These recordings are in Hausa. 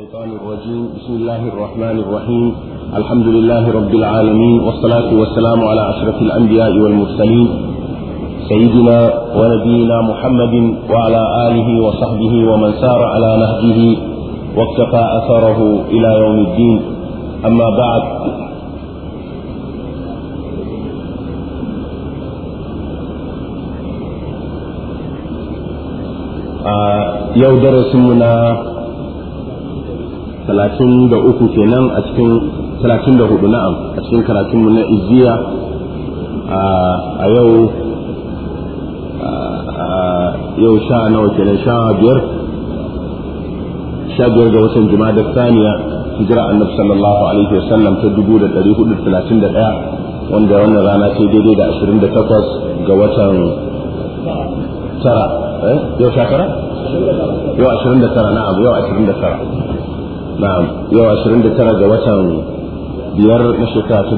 الشيطان الرجيم بسم الله الرحمن الرحيم الحمد لله رب العالمين والصلاة والسلام على أشرف الأنبياء والمرسلين سيدنا ونبينا محمد وعلى آله وصحبه ومن سار على نهجه واقتفى أثره إلى يوم الدين أما بعد آه يودر درسنا talatin da uku kenan a cikin talatin da hudu na'am a cikin karatunmu na iziya a yau yau sha nawa kenan sha biyar sha biyar ga watan jima'a da saniya hijira annabi sallallahu alaihi wasallam ta dubu da dari hudu talatin da ɗaya wanda wannan rana ce daidai da ashirin da takwas ga watan tara eh, yau sha yau ashirin da tara na'am yau ashirin da tara na'am yau 29 ga watan biyar na shekara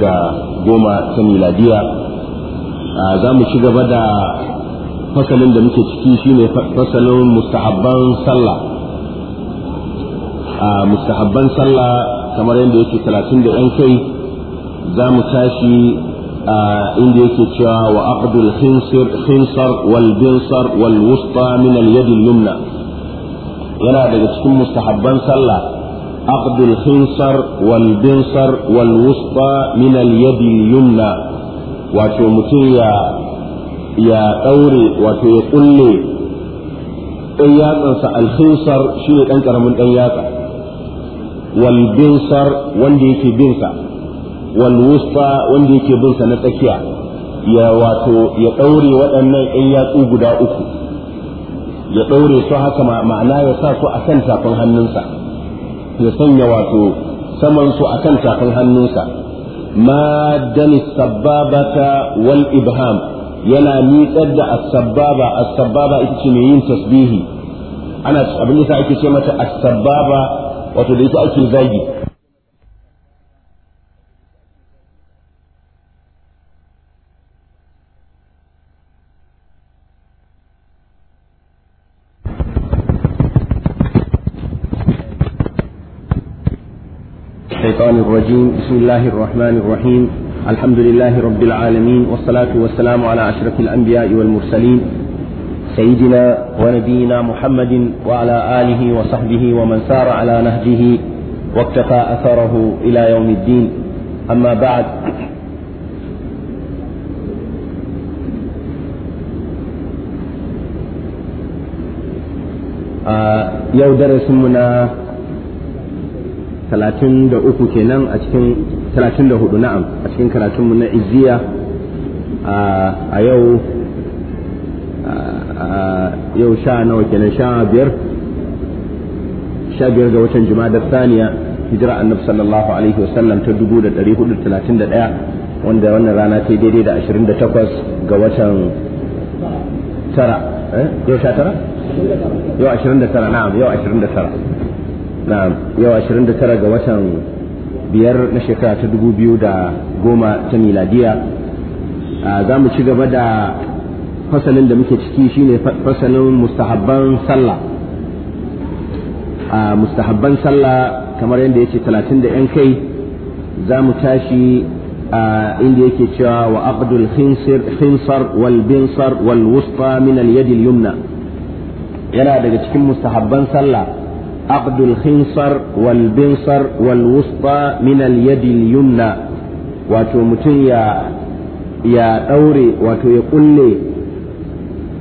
ta goma ta miladiya za mu ci gaba da fasalin da muke ciki shine fasalin mustahabban sallah a mustahabban sallah kamar yadda yake 30 da yan kai za mu tashi inda yake cewa wa aqdul khinsar wal binsar wal wusta min al yad al yumna yana daga cikin mustahabban sallah aqdul khinsar wal binsar wal wusta min al yadi yumna wato mutum ya ya daure wato ya kulle dan yatsansa al khinsar shine dan karamin dan yatsa wal binsar wanda yake binsa wal wusta wanda yake binsa na tsakiya ya wato ya daure waɗannan ɗan yatsu guda uku ya ɗaure su haka ma'ana ya sa su a kan tafin hannunsa ya sanya wato saman su a kan tafin hannunsa ma dani sababata wal ibham yana nitsar da as-sababa as-sababa ita ce mai yin tasbihi ana abin da ake ce mata as-sababa wato da ita ake zagi بسم الله الرحمن الرحيم الحمد لله رب العالمين والصلاة والسلام على أشرف الأنبياء والمرسلين سيدنا ونبينا محمد وعلى آله وصحبه ومن سار على نهجه واقتفى أثره إلى يوم الدين أما بعد آه يودرس منا talatin da uku kenan a cikin talatin da hudu na'am a cikin karatunmu na izziya a yau yau sha nawa kenan sha biyar sha biyar ga watan da saniya hijira annabi sallallahu alaihi wasallam ta dubu da dari hudu talatin da daya wanda wannan rana ta daidai da ashirin da takwas ga watan tara eh, yau sha tara yau ashirin da tara na'am yau ashirin da tara na yau 29 ga watan biyar na shekara ta da goma ta miladiya za mu ci gaba da fasalin da muke ciki shine fasalin mustahabban sallah a mustahabban sallah kamar yadda ya ce 30 da 'yan kai za mu tashi inda yake cewa wa abdul khinsar wal binsar wal wusta min al yumna yana daga cikin mustahabban sallah عقد الخنصر والبنصر والوسطى من اليد اليمنى wato mutum ya ya daure wato ya kulle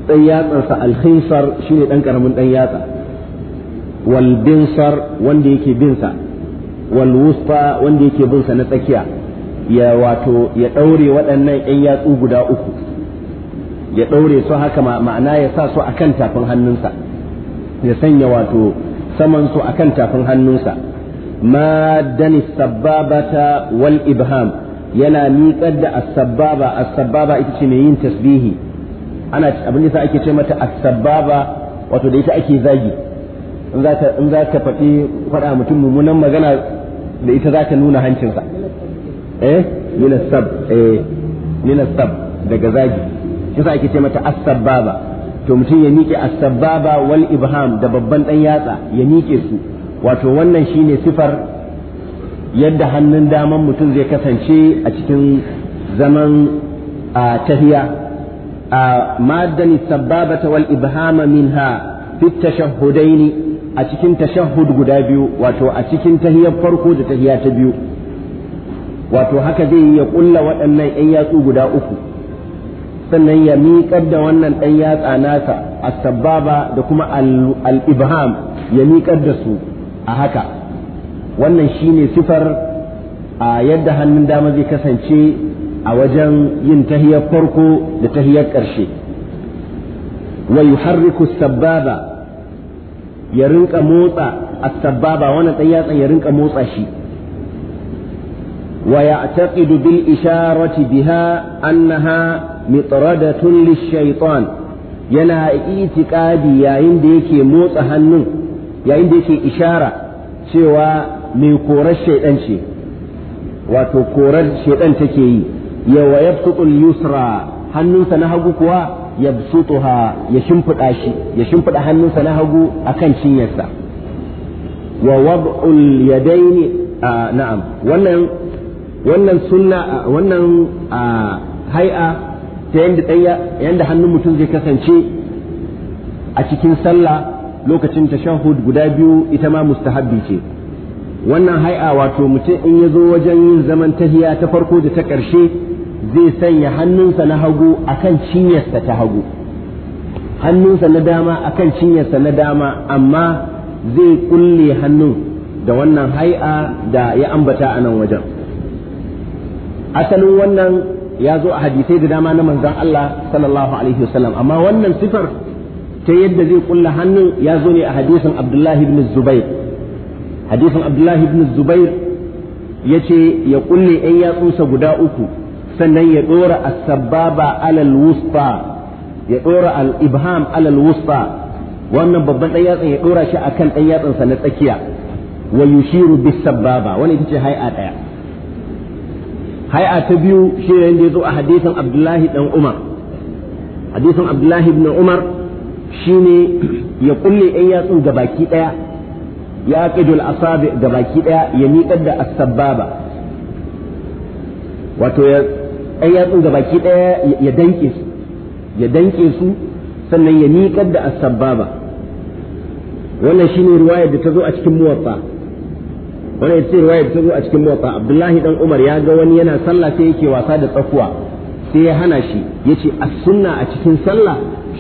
dan yatsarsa alkhinsar shine dan karamin dan yatsa wal binsar wanda yake binsa wal wusta wanda yake binsa na tsakiya ya wato ya daure waɗannan ɗan yatsu guda uku ya daure su haka ma'ana ya sa su akan tafin hannunsa ya sanya wato saman su kan tafin hannunsa madan sababata wal ibham yana miƙar da as-sababa as-sababa ita ce mai yin tasbihi ana abin da ake ce mata as-sababa wato da ita ake zagi in za ka in za ka faɗi faɗa mutum mummunan magana da ita za ka nuna hancinsa eh min sab eh min sab daga zagi shi ake ce mata as to mutum ya miƙe as wal ibham da babban ɗan yatsa ya miƙe su wato wannan shine sifar yadda hannun daman mutum zai kasance a cikin zaman a tahiya a sababata wal ibhama minha fi tashahhudaini a cikin tashahhud guda biyu wato a cikin tahiyar farko da tahiya ta biyu wato haka zai ya kulla waɗannan 'yan yatsu guda uku sannan ya miƙar da wannan ɗan yatsa nasa a sababa da kuma al-ibham ya miƙar da su a haka wannan shine sifar a yadda hannun dama zai kasance a wajen yin tahiyar farko da tahiyar ƙarshe wa yuharriku sababa ya rinka motsa a sababa wannan ɗan yatsan ya rinka motsa shi ويعتقد بالإشارة بها أنها مطردة للشيطان yana itikadi yayin da yake motsa hannun yayin da yake ishara cewa mai korar shaidan ce wato korar shaidan take yi yawa yabsutul yusra hannunsa na hagu kuwa yabsutuha ya shimfiɗa shi ya shimfiɗa hannunsa na hagu akan cinyarsa wa wad'ul yadaini na'am wannan wannan sunna wannan hai'a ta yanda tsaya yanda hannun mutum zai kasance a cikin sallah lokacin tashahhud guda biyu ita ma mustahabbi ce wannan hai'a wato mutum in ya zo wajen yin zaman tahiya ta farko da ta ƙarshe zai sanya hannunsa na hagu akan cinyarsa ta hagu hannunsa na dama akan cinyarsa na dama amma zai kulle hannun da wannan hai'a da ya ambata a nan wajen asalin wannan ya zo a hadisai da dama na manzon Allah sallallahu alaihi wasallam amma wannan sifar ta yadda zai kulla hannu, ya zo ne a hadisin Abdullahi ibn Zubair hadisin Abdullahi ibn Zubair yace ya kulle ɗan yatsunsa guda uku sannan ya dora as-sababa alal wusta ya dora al-ibham alal wusta wannan babban ɗan yatsan ya dora shi akan ɗan yatsansa na tsakiya wa yushiru bis sababa wani ita ce haia ɗaya hai'a ta biyu shine da yazo a hadisin Abdullahi dan Umar hadisin Abdullahi ibn Umar shine ya kulle ɗan yatsun gabaki ɗaya ya qidul asabi gabaki ɗaya ya da wato ya ɗan yatsun gabaki ɗaya ya danke su ya danke su sannan ya miƙar da as-sababa wannan shine ruwayar da ta zo a cikin muwatta wani ya ce ruwaya ta zo a cikin motsa abdullahi dan umar ya ga wani yana sallah sai yake wasa da tsakuwa sai ya hana shi ya ce a sunna a cikin sallah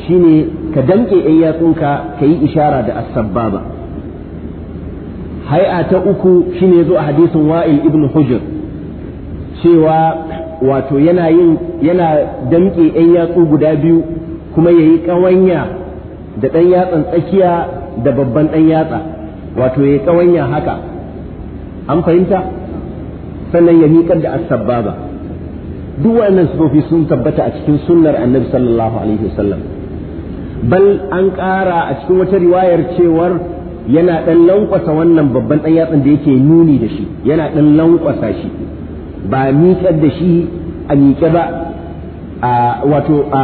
shine ka damke yan yatsunka ka yi ishara da asabbaba hai'a ta uku shine zo a hadisin wa'il ibn hujr cewa wato yana yin yana damke yan yatsu guda biyu kuma ya yi ƙawanya da ɗan yatsan tsakiya da babban ɗan yatsa wato ya yi ƙawanya haka an fahimta sannan ya miƙar da asabbaba duk wannan sufofi sun tabbata a cikin sunnar annabi sallallahu alaihi wasallam bal an ƙara a cikin wata riwayar cewar yana ɗan lankwasa wannan babban ɗan yatsan da yake nuni da shi yana ɗan lankwasa shi ba miƙar da shi a miƙe ba a wato a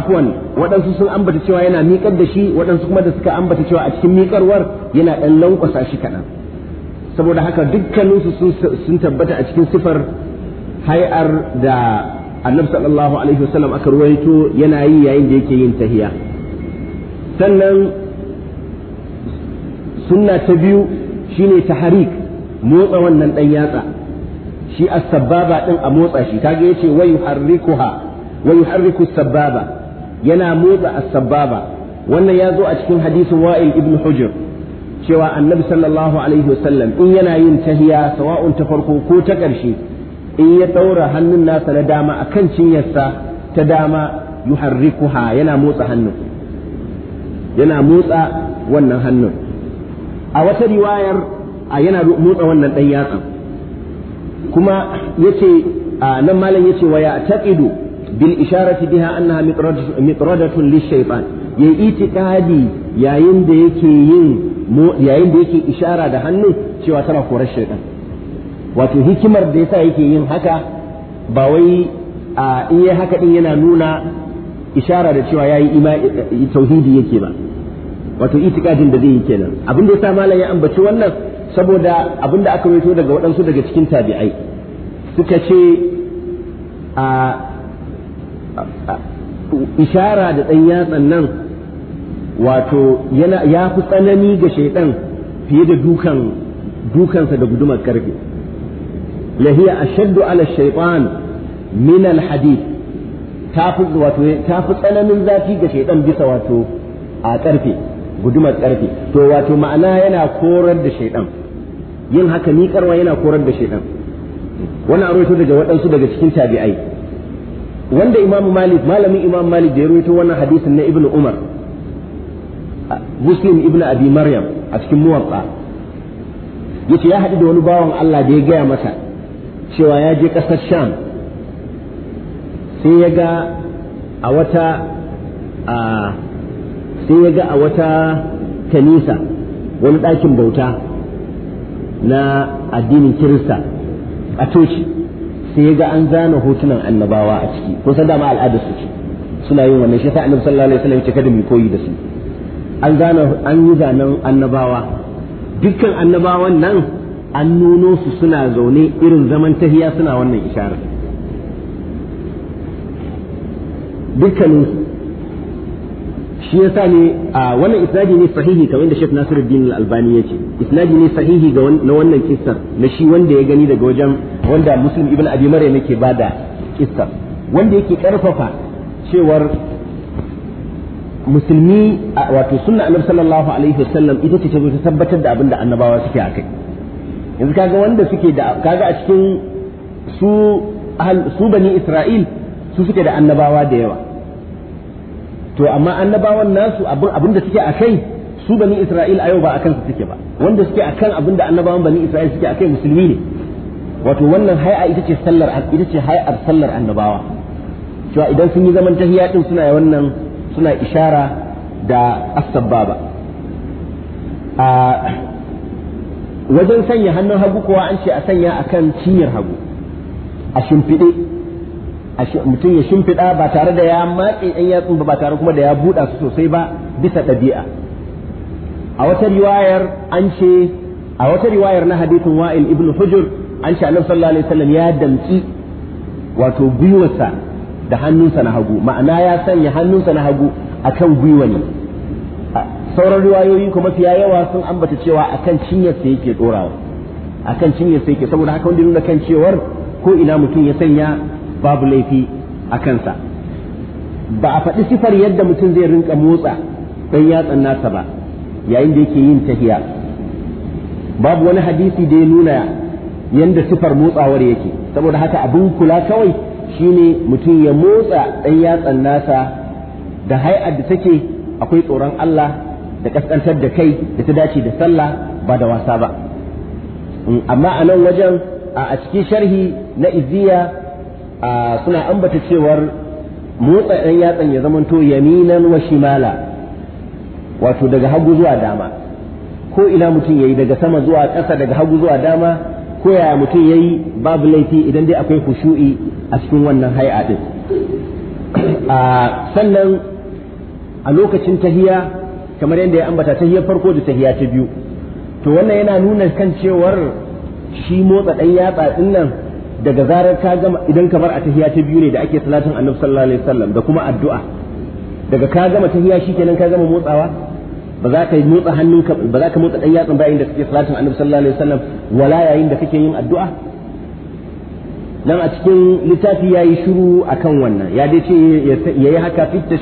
afwan waɗansu sun ambata cewa yana miƙar da shi waɗansu kuma da suka ambata cewa a cikin miƙarwar yana ɗan lankwasa shi kaɗan saboda haka dukkaninsu sun tabbata a cikin sifar hai'ar da annabi sallallahu alaihi wasallam aka ruwaito yana yi yayin da yake yin tahiya sannan sunna ta biyu shine taharik motsa wannan dan yatsa shi as-sababa din a motsa shi kaga yace wa yuharrikuha wa yuharriku sababa yana motsa as-sababa wannan ya zo a cikin hadisin wa'il ibn hujr cewa annabi sallallahu alaihi wasallam in yana yin tahiya sawa'un ta farko ko ta ƙarshe in ya ɗaura hannun nasa na dama a kan cinyarsa ta dama yuharrikuha yana motsa hannun yana motsa wannan hannun a wata riwayar a yana motsa wannan ɗan yatsa kuma yace a nan malam yace wa ya taqidu bil isharati biha annaha mitradatun lish-shaytan yayi itikadi yayin da yake yin yayin da yake ishara da hannu cewa tana korar shaitan wato hikimar da yasa yake yin haka ba wai a in haka din yana nuna ishara da cewa yayi eh, tauhidi yake ba wato itikadin da zai yi kenan abin da yasa malam ya ambaci wannan saboda abin da aka waito daga waɗansu daga cikin tabi'ai suka ce a ishara da ɗan yatsan nan wato ya fi tsanani ga shaidan fiye da dukan dukansa da gudumar karfe lahiya ashaddu ala shaitan min al hadid ta wato ta fi tsananin zafi ga shaidan bisa wato a karfe gudumar karfe to wato ma'ana yana korar da shaidan yin haka ni karwa yana korar da shaidan wannan an daga waɗansu daga cikin tabi'ai wanda imamu malik malamin imamu malik da ya rawaito wannan hadisin na ibnu umar muslim ibn abi maryam a cikin muwatta yace ya haɗu da wani bawan Allah da ya gaya masa cewa ya je ƙasar sham sai ya ga a wata sai ya ga a wata kanisa wani ɗakin bauta na addinin kirista a toshi sai ya ga an zana hotunan annabawa a ciki kun san dama al'adar su ce suna yin wannan shi sai annabi sallallahu alaihi wasallam ya ce kada mu koyi da su an zana an yi zanen annabawa dukkan annabawan nan an nuno su suna zaune irin zaman tahiya suna wannan isharar dukkanin shi yasa ne a wannan isnadi ne sahihi kamar da Sheikh Nasiruddin Al-Albani ya ce isnadi ne sahihi ga na wannan kissar na shi wanda ya gani daga wajen wanda Muslim ibn Abi Maryam yake bada kissar wanda yake karfafa cewar musulmi wato sunna annabi sallallahu alaihi wasallam ita ce ta tabbatar da abin da annabawa suke a kai yanzu kaga wanda suke da kaga a cikin su su bani isra'il su suke da annabawa da yawa to amma annabawan nasu abin abin da suke a kai su bani isra'il a yau ba a kansu suke ba wanda suke a kan abin da annabawan bani isra'il suke a kai musulmi ne wato wannan hai'a ita ce sallar ita ce hai'ar sallar annabawa cewa idan sun yi zaman tahiya din suna wannan suna ishara da as a wajen sanya hannun hagu kowa an ce a sanya akan cinyar hagu a shimfiɗe mutum ya shimfiɗa ba tare da ya matse ɗan yatsun ba ba tare kuma da ya buɗa su sosai ba bisa ɗabi'a a wata riwayar an ce a wata riwayar na hadithin wa'il ibn hujur an ce annabi sallallahu alaihi wasallam ya damci wato gwiwarsa da hannunsa na hagu ma'ana ya sanya hannunsa na hagu akan gwiwa ne sauran riwayoyi kuma fiya yawa sun ambata cewa akan sa yake dorawa akan sa yake saboda haka wanda nuna kan cewar ko ina mutum ya sanya babu laifi a kansa ba a faɗi sifar yadda mutum zai rinka motsa dan yatsan nasa ba yayin da yake yin tahiya babu wani hadisi da ya nuna yadda sifar motsawar yake saboda haka abin kula kawai shine mutum ya motsa ɗan yatsan nasa da hai'ar da take akwai tsoron Allah da kaskantar da kai da ta dace da sallah ba da wasa ba mm, amma a nan wajen a cikin sharhi na iziya suna ambata cewar motsa ɗan yatsan ya zamanto yaminan wa shimala wato daga hagu zuwa dama ko ina mutum ya yi daga sama zuwa ƙasa daga hagu zuwa dama ko yaya mutum yi babu laifi idan dai akwai kushu'i a cikin wannan hai'a ɗin sannan a lokacin tahiya kamar yadda ya ambata tahiyar farko da tahiya ta biyu to wannan yana nuna kan cewar shi motsa ɗan yatsa ɗin nan daga zarar ka gama idan kamar a tahiya ta biyu ne da ake salatin annabi sallallahu alaihi wasallam da kuma addu'a daga ka gama tahiya kenan ka gama motsawa ba za ka motsa hannunka ba za ka motsa ɗan yatsan bayan da kake salatin annabi sallallahu alaihi wasallam wala yayin da kake yin addu'a nan a cikin littafi ya yi shiru akan wannan ya dai ce ya yi haka fit ta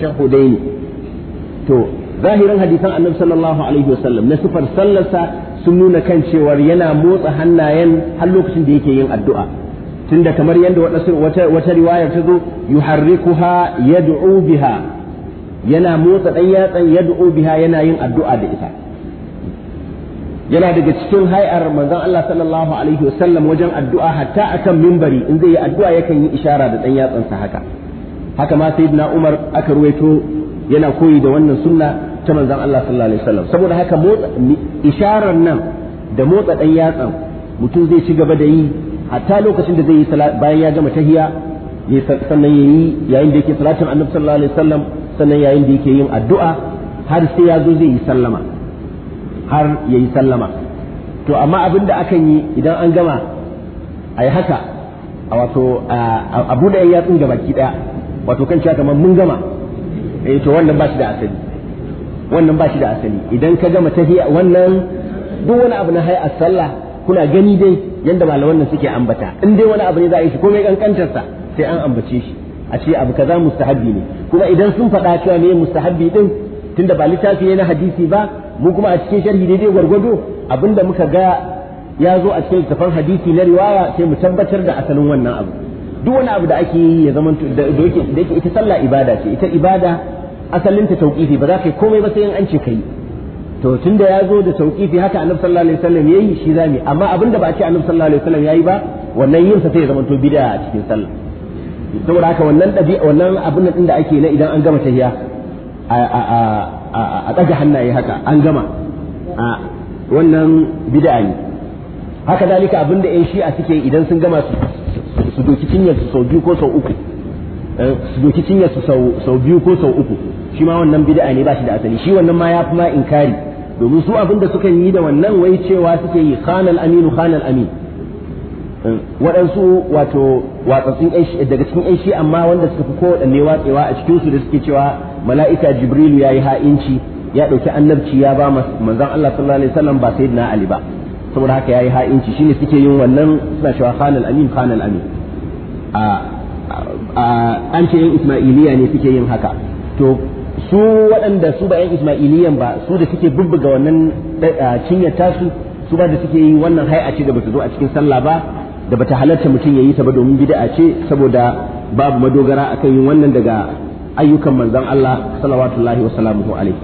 to zahirin hadisan annabi sallallahu alaihi wasallam na sifar sallarsa sun nuna kan cewar yana motsa hannayen har lokacin da yake yin addu'a tunda kamar yadda wata riwayar ta zo yuharrikuha yad'u biha yana motsa ɗan yatsan du'o biha yana yin addu'a da ita yana daga cikin hai'ar manzon Allah sallallahu alaihi wasallam wajen addu'a hatta akan mimbari in zai yi addu'a yakan yi ishara da dan yatsansa haka haka ma sayyidina Umar aka ruwaito yana koyi da wannan sunna ta manzon Allah sallallahu alaihi wasallam saboda haka motsa isharar nan da motsa ɗan yatsan mutum zai ci gaba da yi hatta lokacin da zai yi bayan ya gama tahiya sannan yayi yayin da yake salatin annabi sallallahu alaihi wasallam sannan yayin da yake yin addu'a har sai ya zo zai yi sallama har ya yi sallama to amma abin da akan yi idan an gama a yi haka a wato a da yan yatsun gaba baki daya wato kan cewa kamar mun gama eh to wannan ba shi da asali wannan ba shi da asali idan ka gama tafiya wannan duk wani abu na hayar sallah kuna gani dai yadda malaman nan suke ambata in dai wani abu ne za a yi shi komai kankantarsa sai an ambace shi a ce abu kaza mustahabbi ne kuma idan sun faɗa cewa ne mustahabbi din tunda ba littafi ne na hadisi ba mu kuma a cikin sharhi dai gwargwado abinda muka ga ya zo a cikin littafin hadisi na riwaya sai mu tabbatar da asalin wannan abu duk wani abu da ake yi ya zama da yake ita sallah ibada ce ita ibada asalinta tauqifi ba za ka yi komai ba sai in an ce kai to tunda ya zo da tauqifi haka annabi sallallahu alaihi wasallam yayi shi zami amma abinda ba a ce annabi sallallahu alaihi wasallam yayi ba wannan yin sa sai ya zama to bid'a a cikin sallah saboda haka wannan ɗabi'a wannan abin nan da ake na idan an gama tahiya a ɗaga hannaye haka an gama wannan bid'a ne haka dalika abin da yan shi'a suke idan sun gama su doki cinyar su sau biyu ko sau uku eh, su doki cinyar su sau biyu ko sau uku shi ma wannan bid'a ne ba shi da asali shi wannan ma ya fi ma inkari domin su abin da suka yi da wannan wai cewa suke yi khanal aminu khanal amin waɗansu wato watsatsun daga cikin ƴan shi amma wanda suka fi kowaɗanne watsewa a cikinsu da suke cewa mala'ika jibrilu ya yi ha'inci ya ɗauki annabci ya ba manzan Allah sallallahu alaihi wasallam ba sai na Ali ba saboda haka yayi ha'inci shine suke yin wannan suna cewa khanal amin khanal amin a an ce yan isma'iliya ne suke yin haka to su waɗanda su ba yan isma'iliyan ba su da suke bubbuga wannan eh, cinyar tasu su ba da suke yi wannan hai'a ce da su zo a cikin sallah ba da bata halarta mutum ya yi ta ba domin bid'a ce saboda babu madogara akan yin wannan daga ayyukan manzon Allah salawatullahi wa salamuhu alaihi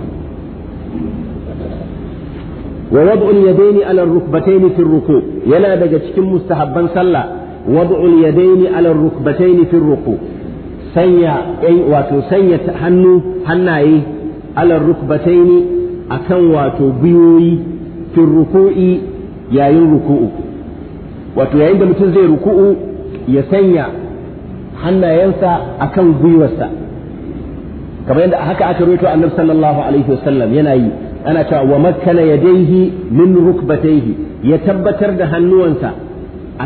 wa wad'ul yadaini ala rukbatayn fi ruku yana daga cikin mustahabban sallah wad'ul yadaini ala rukbatayn fi ruku sanya wato sanya hannu hannaye ala rukbatayn akan wato biyoyi fi ruku'i yayin ruku'u wato yayin da mutum zai ruku'u ya sanya hannayensa akan gwiwarsa kamar yadda haka aka rawaito annabi sallallahu alaihi wasallam yana yi ana cewa wa makkana yadayhi min rukbatayhi ya tabbatar da hannuwansa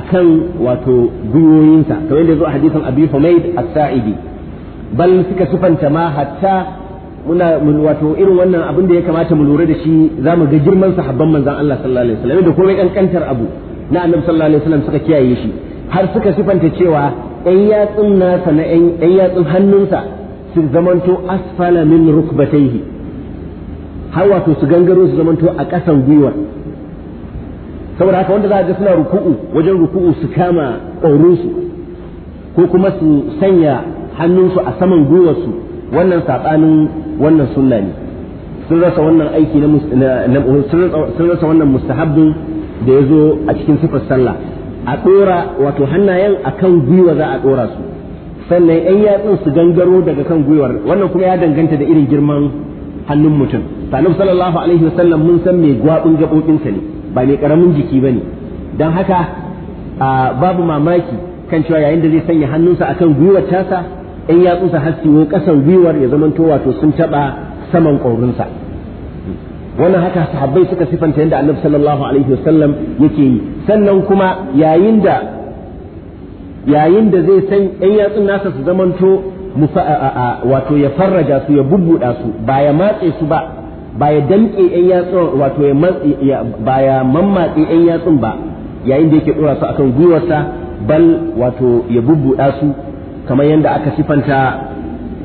akan wato gwiwoyinsa kamar yadda zo a hadisin Abi Humayd as-Sa'idi bal suka sufanta ma hatta muna wato irin wannan abin da ya kamata mu lura da shi zamu ga girman sahabban manzon Allah sallallahu alaihi wasallam da komai kankantar abu na annabi sallallahu alaihi wasallam suka kiyaye shi har suka sifanta cewa ɗan yatsun nasa na ɗan yatsun hannunsa su zamanto asfala min rukbatayhi har wato su gangaro su zamanto a ƙasan gwiwar saboda haka wanda za ga suna ruku'u wajen ruku'u su kama ƙaurinsu ko kuma su sanya hannunsu a saman gwiwarsu wannan saɓanin wannan sunna ne sun rasa wannan aiki na sun rasa wannan mustahabbin da ya zo a cikin sifar sallah a ɗora wato hannayen a kan gwiwa za a ɗora su sannan ‘yan yatsun su gangaro daga kan gwiwar wannan kuma ya danganta da irin girman hannun mutum sannan sallallahu alaihi wasallam mun san mai gwaɓin gaɓoɓinsa ne ba mai ƙaramin jiki ba ne don haka babu mamaki kan cewa yayin da zai sanya hannunsa a kan gwiwar tasa ‘yan yatsunsa har kasan ƙasan gwiwar ya zamanto wato sun taɓa saman ƙaurinsa wannan haka sahabbai suka sifanta yadda annabi sallallahu alaihi wasallam yake yi sannan kuma yayin da yayin da zai san ɗan yatsun nasa su zamanto wato ya farraja su ya bubbuɗa su ba ya matse su ba ba ya danƙe ɗan yatsun wato ya ba ya mammatse ɗan yatsun ba yayin da yake ɗora su akan gwiwarsa bal wato ya bubbuɗa su kamar yadda aka sifanta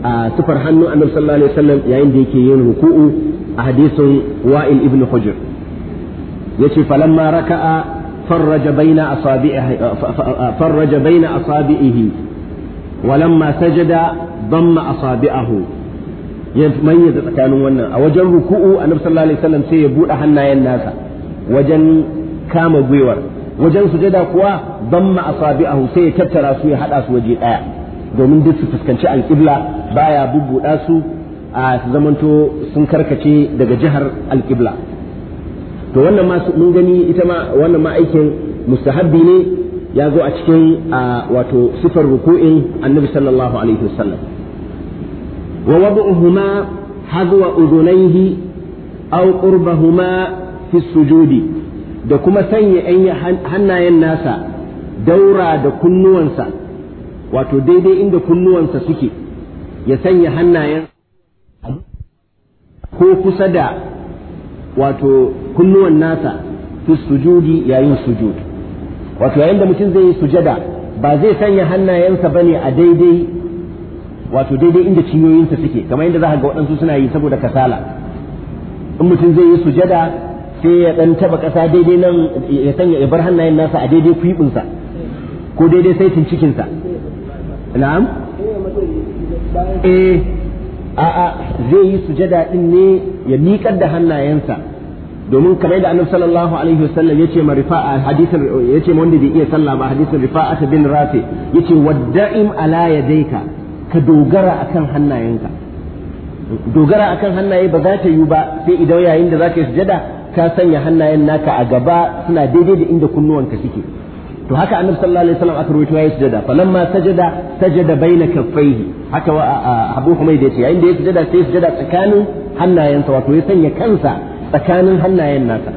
a sifar hannu annabi sallallahu alaihi wasallam yayin da yake yin ruku'u a hadisin wa'il ibn hujr yace falamma raka'a farraja baina asabi'ihi farraja baina asabi'ihi walamma sajada damma asabi'ahu ya mayyaza tsakanin wannan a wajen ruku'u annabi sallallahu alaihi wasallam sai ya bude hannayen nasa wajen kama gwiwar wajen sujada kuwa damma asabi'ahu sai ya tattara su ya hada su waje daya domin duk su fuskanci alƙibla baya bubbuda su a su zamanto sun karkace daga jihar alƙibla to wannan ma mun gani ita ma wannan ma aikin mustahabbi ne ya zo a cikin wato sifar ruku'in annabi sallallahu alaihi wasallam wa wad'uhuma hazwa udunaihi aw qurbahuma fi sujudi da kuma sanya hannayen nasa daura da kunnuwansa wato daidai inda kunnuwansa suke ya sanya hannayen ko kusa da wato kunnuwan nasa fi sujudi yayin sujud wato yayin da mutum zai yi sujada ba zai sanya hannayensa bane a daidai wato daidai inda ciyoyinsa suke kamar yadda za ga waɗansu suna yi saboda kasala in mutum zai yi sujada sai ya ɗan taba ƙasa daidai nan ya sanya ya bar hannayen nasa a daidai kwiɓinsa ko daidai saitin cikinsa na'am eh a'a zai yi sujada din ne ya miƙar da hannayensa domin kamar da annabi sallallahu alaihi wasallam yace ma rifa'a hadisin yace ma wanda bai iya sallah ba hadisin rifa'a bin rafi yace wadda'im ala yadayka ka dogara akan hannayenka dogara akan hannaye ba za ta yi ba sai idan yayin da zaka yi sujada ka sanya hannayen naka a gaba suna daidai da inda kunnuwanka suke to haka annabi sallallahu alaihi wasallam aka rawaito yayi sujada falamma sajada sajada baina kaffaihi haka Abu Humayd ce. yayin da ya sujada sai sujada tsakanin hannayensa wato ya sanya kansa tsakanin hannayen nasa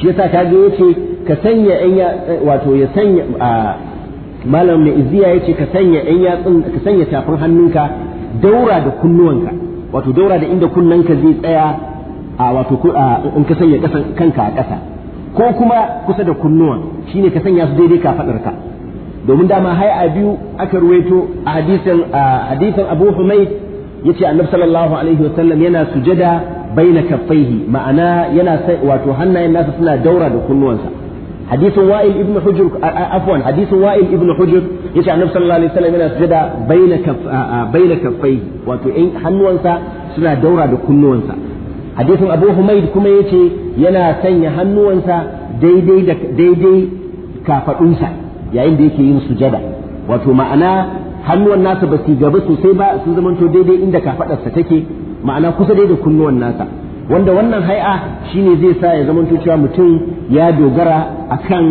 shi yasa kaga yace ka sanya ɗan wato ya sanya malam mai iziya yace ka sanya ɗan yatsun ka sanya tafin hannunka daura da kunnuwanka wato daura da inda kunnanka zai tsaya a wato in ka sanya kanka a ƙasa ko kuma kusa da kunnuwan shine ka sanya su daidai kafadarka domin dama hai a biyu aka ruwaito a hadisin hadisin Abu Humayd yace Annabi sallallahu alaihi sallam yana sujada baina kaffaihi ma'ana yana wato hannayen nasa suna daura da kunnuwansa hadisin Wa'il ibn Hujr afwan hadisin Wa'il ibn Hujr yace Annabi sallallahu alaihi wa sallam yana sujada baina baina kaffaihi wato in hannuwansa suna daura da kunnuwansa hadisin abu humaid kuma ya ce yana sanya hannuwansa daidai daidai kafadunsa yayin da yake yin sujada wato ma'ana hannuwan nasa ba su gaba sosai ba sun zamanto daidai inda kafadarsa take ma'ana kusa dai da kunnuwan nasa wanda wannan hai'a shine zai sa ya zamanto cewa mutum ya dogara akan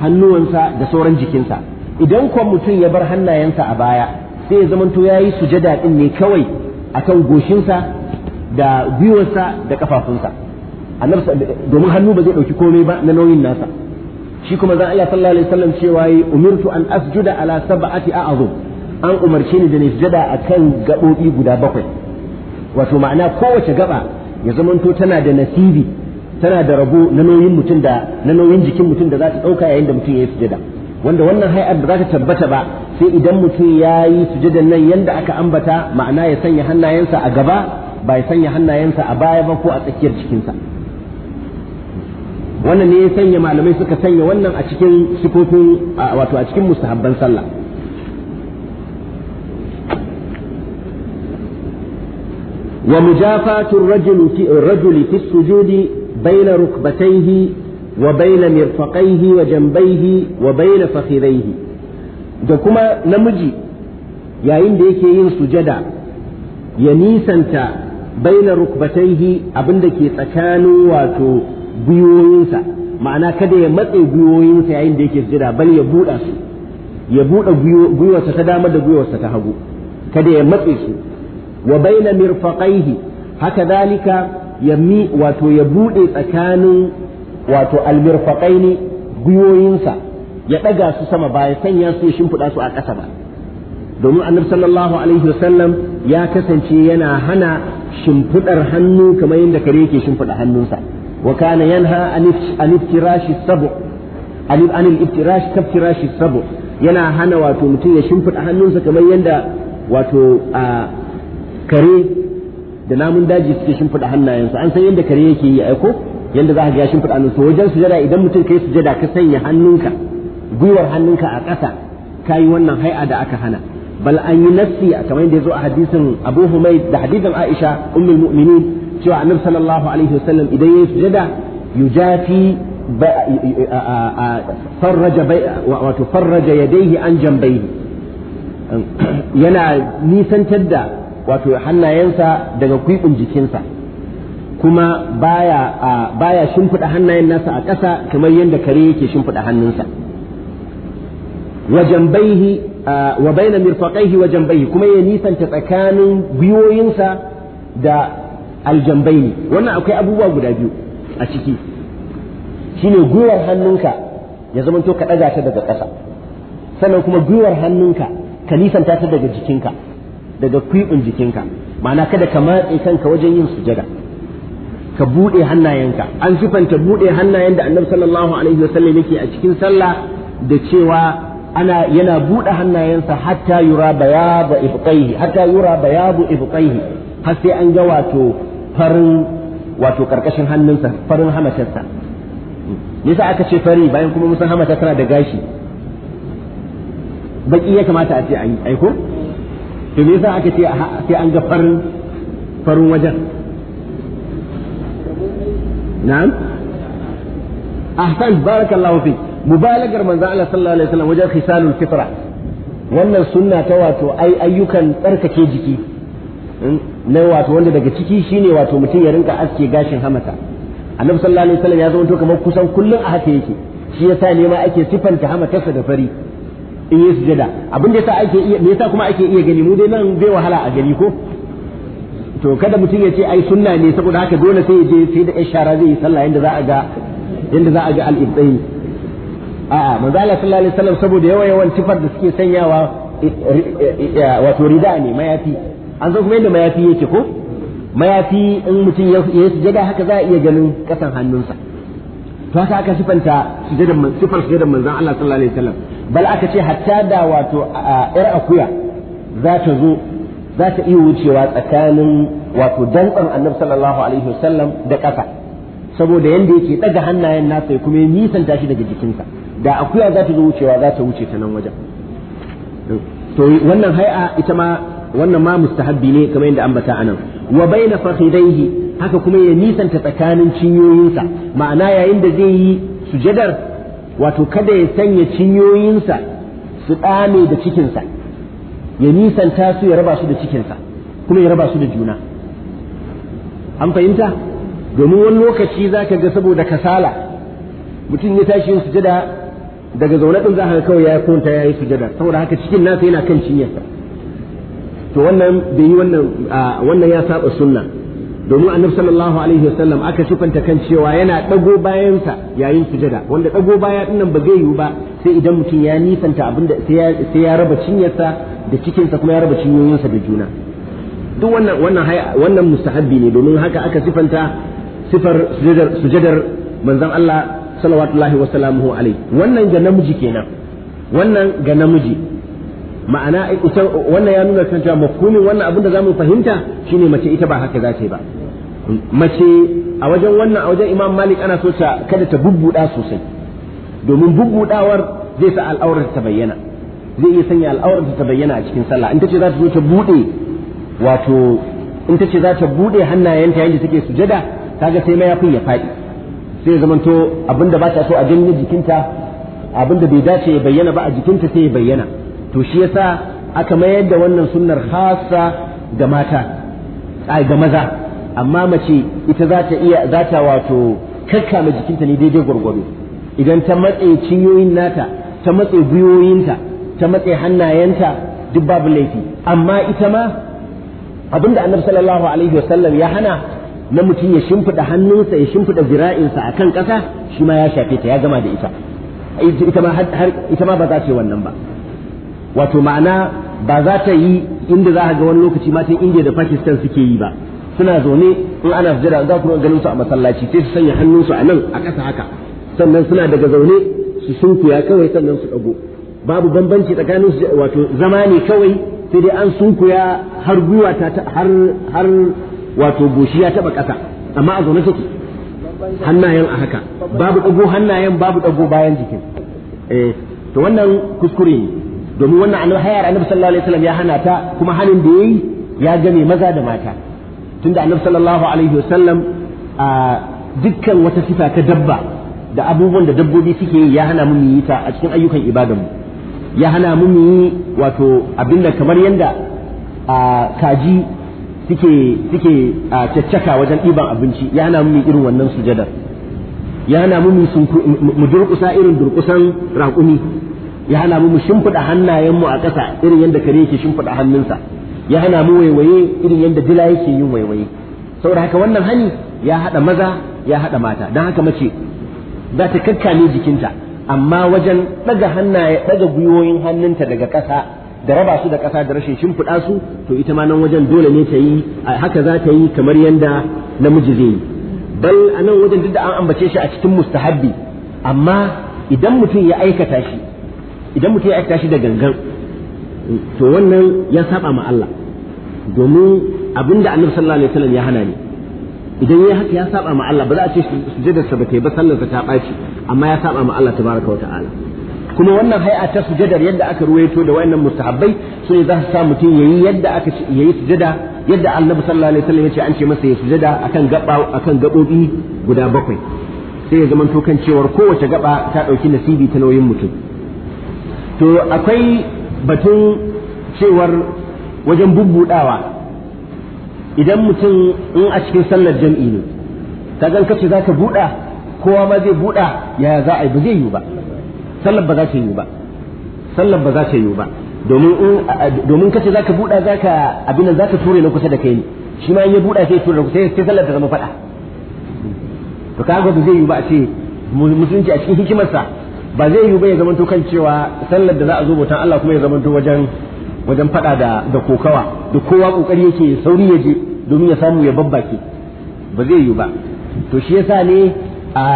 hannuwansa da sauran jikinsa idan kuwa mutum ya bar hannayensa a baya sai ya zamanto ya yi sujada din ne kawai akan goshinsa da gwiwarsa da kafafunsa annabsa domin hannu ba zai dauki komai ba na nauyin nasa shi kuma zan Allah sallallahu alaihi wasallam cewa yi umirtu an asjuda ala sab'ati a'zum an umarce ni da ni sujada akan gabobi guda bakwai wato ma'ana kowace gaba ya zamanto tana da nasibi tana da rabo na nauyin mutum da na nauyin jikin mutum da za ta dauka yayin da mutum ya yi sujada wanda wannan hay'ar ba za ta tabbata ba sai idan mutum ya yi sujadan nan yanda aka ambata ma'ana ya sanya hannayensa a gaba bai sanya hannayensa a baya ba ko a tsakiyar cikinsa wannan ne ya sanya malamai suka sanya wannan a cikin wato a cikin mustahabban sallah wa mujafatu rajuli fi rajuli fi sujudi bayna rukbatayhi wa bayna mirfaqayhi wa jambayhi wa bayna fakhidayhi da kuma namiji yayin da yake yin sujada ya nisanta baina rukbataihi abinda ke tsakanin wato gwiwoyinsa ma'ana kada ya matse gwiwoyinsa yayin da yake sujada bal ya buɗa su ya buɗe gwiwarsa ta dama da gwiwarsa ta hagu kada ya matse su wa baina mirfaqaihi haka dalika ya mi wato ya buɗe tsakanin wato almirfaqaini gwiwoyinsa ya ɗaga su sama ba ya sanya su ya shimfiɗa su a ƙasa ba domin annabi sallallahu alaihi wasallam ya kasance yana hana shimfidar hannu kamar yadda kare yake shimfida hannunsa wa kana yanha an iftirashi sabu an iftirashi tafkirashi sabu yana hana wato mutum ya shimfida hannunsa kamar yadda wato a kare da namun daji suke shimfida hannayensa an san yadda kare yake yi aiko yadda za ka ga ya shimfida hannunsa wajen sujada idan mutum kai sujada ka sanya hannunka gwiwar hannunka a ƙasa ka yi wannan hai'a da aka hana bal an yi nassi kamar yadda ya zo a hadisin Abu Humayd da hadisin Aisha ummul mu'minin cewa Annabi sallallahu alaihi wasallam idan yayi sujada yujafi farraja wato farraja yadayhi an jambayhi yana nisantar da wato hannayensa daga kwiɓin jikinsa kuma baya shimfiɗa hannayen nasa a ƙasa kamar yadda kare yake shimfiɗa hannunsa wajen baihi. wa baina mirfaqaihi wa jambayhi kuma ya nisanta tsakanin gwiwoyinsa da aljambaini wannan akwai abubuwa guda biyu a ciki shine gwiwar hannunka ya zamanto ka ɗaga ta daga ƙasa sannan kuma gwiwar hannunka ka nisanta ta daga jikinka daga kwiɓin jikinka ma'ana kada ka matse kanka wajen yin sujada ka buɗe hannayenka an sifanta buɗe hannayen da annabi sallallahu alaihi wasallam yake a cikin sallah da cewa ana yana buɗe hannayensa hatta yura bayabu ibqaihi hatta yura bayabu ibqaihi har sai an ga wato farin wato karkashin hannunsa farin hamatarsa yasa aka ce fari bayan kuma musan hamata tana da gashi baki ya kamata a ce aiko to me yasa aka ce sai an ga farin farin wajen na'am ahsan barakallahu fiki mubalagar manzo Allah sallallahu alaihi wasallam wajen khisalul fitra wannan sunna ta wato ai ayyukan tsarkake jiki hmm? na wato wanda daga ciki shine wato mutum ya rinka aske gashin hamata annabi sallallahu alaihi wasallam ya zama kamar kusan kullun a haka yake shi yasa ne ma ake sifanta hamatarsa da fari in yi sujada abin da yasa ake iya me yasa kuma ake iya gani mu dai nan bai wahala a gani ko to kada mutum ya ce ai sunna ne saboda haka dole sai ya je sai da ishara zai yi sallah yanda za a ga yanda za a ga al-ibtsayi a'a manzo Allah sallallahu alaihi wasallam saboda yawa yawan tifar da suke sanyawa wato rida ne mayafi an zo kuma yadda mayafi yake ko mayafi in mutum ya yi sujada haka za a iya ganin kasan hannunsa to haka aka sifanta sujadan sifar sujadan manzon Allah sallallahu alaihi wasallam bal aka ce hatta da wato yar akuya za ta zo za ta iya wucewa tsakanin wato dantsan annabi sallallahu alaihi wasallam da kasa saboda yanda yake daga hannayen nasa ya kuma nisanta shi daga jikinsa da akuya za ta zo wucewa za ta wuce ta nan wajen to wannan hai'a ita ma wannan ma mustahabbi ne kamar yadda ambata anan wa baina fakhidaihi haka kuma ya nisanta tsakanin cinyoyinsa ma'ana yayin da zai yi sujadar wato kada ya sanya cinyoyinsa su dame da cikinsa ya nisanta su ya raba su da cikinsa kuma ya raba su da juna an fahimta domin wani lokaci za ka ga saboda kasala mutum ya tashi yin sujada daga zaune ɗin za ka kawai ya kunta ya yi sujada saboda haka cikin nasa yana kan cinyarsa to wannan bai yi wannan ya saba sunna domin annabi sallallahu alaihi wasallam aka sifanta kan cewa yana dago bayansa yayin sujada wanda dago baya dinnan ba zai yiwu ba sai idan mutum ya nisanta abinda sai ya raba cinyarsa da cikinsa kuma ya raba cinyoyinsa da juna duk wannan wannan mustahabbi ne domin haka aka sifanta sifar sujadar manzan Allah sallallahu wa sallamu alaihi wannan ga namiji kenan wannan ga namiji ma'ana ita wannan ya nuna kan cewa mafhumin wannan abin da zamu fahimta shine mace ita ba haka za ta yi ba mace a wajen wannan a wajen Imam Malik ana so ta kada ta bubbuda sosai domin bubbudawar zai sa al'aurar ta bayyana zai iya sanya al'aurar ta bayyana a cikin sallah in tace za ta zo ta bude wato in tace za ta bude hannayenta yayin da take sujada kaga sai mayafin ya faɗi sai ya zamanto abinda ba ta so a janye jikinta abinda bai dace ya bayyana ba a jikinta sai ya bayyana to shi yasa aka mayar da wannan sunnar hasa ga mata ai ga maza amma mace ita za ta iya za ta wato kakkame jikinta ne daidai gwargwado idan ta matse cinyoyin nata ta matse gwiwoyinta ta matse hannayenta duk babu laifi amma ita ma abinda annabi sallallahu alaihi wasallam ya hana na mutum ya shimfida hannunsa ya shimfiɗa zira'insa a kan ƙasa shi ma ya shafe ta ya gama da ita ita ma ba za ta wannan ba wato ma'ana ba za ta yi inda za a ga wani lokaci matan indiya da pakistan suke yi ba suna zaune in ana sujada za ku ganin su a masallaci sai su sanya hannunsu a nan a kasa haka sannan suna daga zaune su sunkuya kawai sannan su ɗago babu bambanci tsakanin su wato zama ne kawai sai dai an sunkuya har gwiwa ta har har wato goshi ya taba ƙasa amma a zaune take hannayen a haka babu ɗago hannayen babu ɗago bayan jikin eh to wannan kuskure ne domin wannan annabi hayar annabi sallallahu alaihi wasallam ya hana ta kuma hanin da yayi ya game maza da mata tunda annabi sallallahu alaihi wasallam a dukkan wata sifa ta dabba da abubuwan da dabbobi suke yi ya hana mu yi ta a cikin ayyukan ibadan mu ya hana mu yi wato abinda kamar yanda a kaji suke suke a caccaka wajen ɗiban abinci ya hana mu irin wannan sujadar ya hana mu mu durƙusa irin durƙusan raƙumi ya hana mu shimfiɗa hannayen mu a ƙasa irin yadda kare yake shimfiɗa hannunsa ya hana mu waiwaye irin yadda dila yake yin waiwaye saboda haka wannan hani ya haɗa maza ya haɗa mata don haka mace za ta kakkame jikinta amma wajen ɗaga hannaye ɗaga gwiwoyin hannunta daga ƙasa da raba su da ƙasa da rashin shimfiɗa su to ita ma nan wajen dole ne ta yi haka za ta yi kamar yadda namiji zai yi bal a nan wajen duk da an ambace shi a cikin mustahabbi amma idan mutum ya aikata shi idan mutum ya aikata shi da gangan to wannan ya saba ma Allah domin abinda annabi sallallahu alaihi wasallam ya hana ne idan ya haka ya saba ma Allah ba za a ce sujudar sa ba ta ba sallar ta ɓaci amma ya saba ma Allah tabaraka wa ta'ala kuma wannan hay'a ta sujadar yadda aka ruwaito da wayannan mustahabbai su ne za su sa mutum yayi yadda aka yayi sujada yadda Annabi sallallahu alaihi wasallam ya ce an ce masa ya sujada akan gaba akan gabobi guda bakwai sai ya zamanto kan cewar kowace gaba ta dauki nasibi ta nauyin mutum to akwai batun cewar wajen bubbudawa idan mutum in a cikin sallar jam'i ne ta kaga za ka buɗa kowa ma zai buda yaya za a yi ba zai yi ba sallar ba za ta yi ba sallar ba za ta yi ba domin domin kace zaka buɗa zaka abin nan zaka ture na kusa da kai ne shi ma in ya buɗa sai ture sai sai sallar ta zama fada to kaga ga zai yi ba a ce musulunci a cikin hikimarsa ba zai yi ba ya zamanto kan cewa sallar da za a zo bautan Allah kuma ya zamanto wajen wajen fada da da kokawa da kowa kokari yake sauri ya je domin ya samu ya babbake ba zai yi ba to shi yasa ne a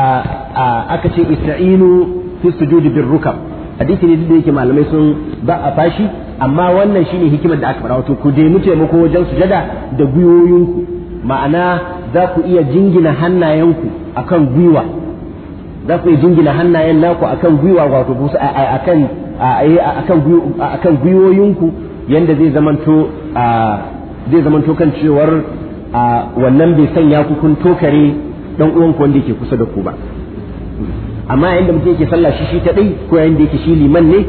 aka ce ista'inu fi sujudi bir rukab hadisi ne da yake malamai sun ba a fashi amma wannan shine hikimar da aka fara wato ku demi taimako wajen sujada da gwiwoyinku ma'ana za ku iya jingina hannayenku akan gwiwa za ku iya jingina hannayen naku akan gwiwa wato busu akan akan gwiwoyinku yanda zai zamanto zai zamanto kan cewar wannan bai sanya ku kun tokare dan uwanku wanda yake kusa da ku ba amma yayin mutum yake sallah shi shi ɗai ko yayin da yake shi liman ne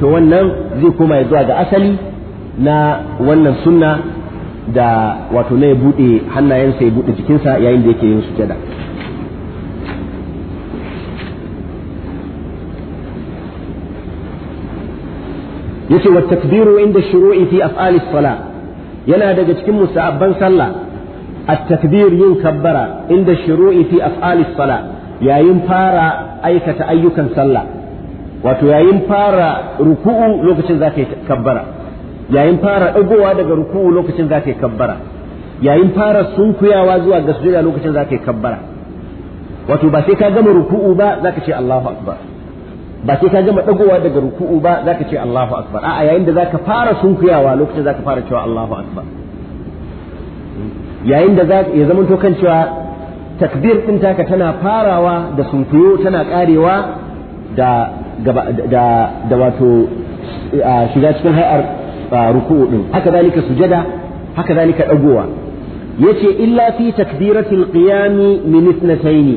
to wannan zai koma zuwa ga asali na wannan sunna da wato na ya buɗe hannayensa ya buɗe jikinsa yayin da yake yin jada. yace wa takbiru inda shuru'i fi af'alis sala yana daga cikin musabban sallah at-takbir yin kabbara inda shuru'i fi af'alis sala yayin fara aikata ayyukan sallah wato yayin fara ruku'u lokacin za ka yi kabbara yayin fara ɗagowa daga ruku'u lokacin za ka yi kabbara yayin fara sunkuyawa zuwa ga sujada lokacin za ka yi kabbara wato ba sai ka gama ruku'u ba za ka ce Allahu akbar ba sai ka gama ɗagowa daga ruku'u ba za ka ce Allahu akbar a'a yayin da za ka fara sunkuyawa lokacin za ka fara cewa Allahu akbar yayin da ya zama to kan cewa takbir ɗin taka tana farawa da sunkuyo tana karewa da da da wato shiga cikin hayar ruku'u din haka zalika sujada haka zalika dagowa yace illa fi takbiratil qiyami min ithnataini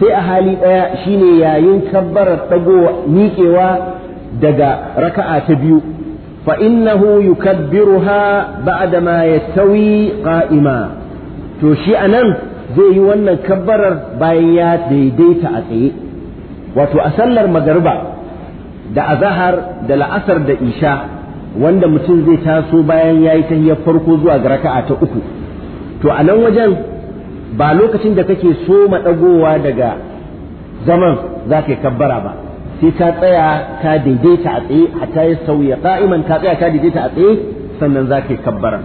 sai a hali daya shine yayin kabbarar dagowa miƙewa daga raka'a ta biyu fa innahu yukabbiruha ba'da ma yastawi qa'ima to shi anan zai yi wannan kabbarar bayan ya daidaita a tsaye wato a sallar magarba da azahar da la'asar da isha wanda mutum zai taso bayan ya yi tahiyar farko zuwa ga raka'a ta uku to a nan wajen ba lokacin da kake so maɗagowa daga zaman za ka yi kabbara ba sai ta tsaya ka daidaita a tsaye a ta yi sauya ka'iman ka tsaya ka daidaita a tsaye sannan za ka yi kabbara.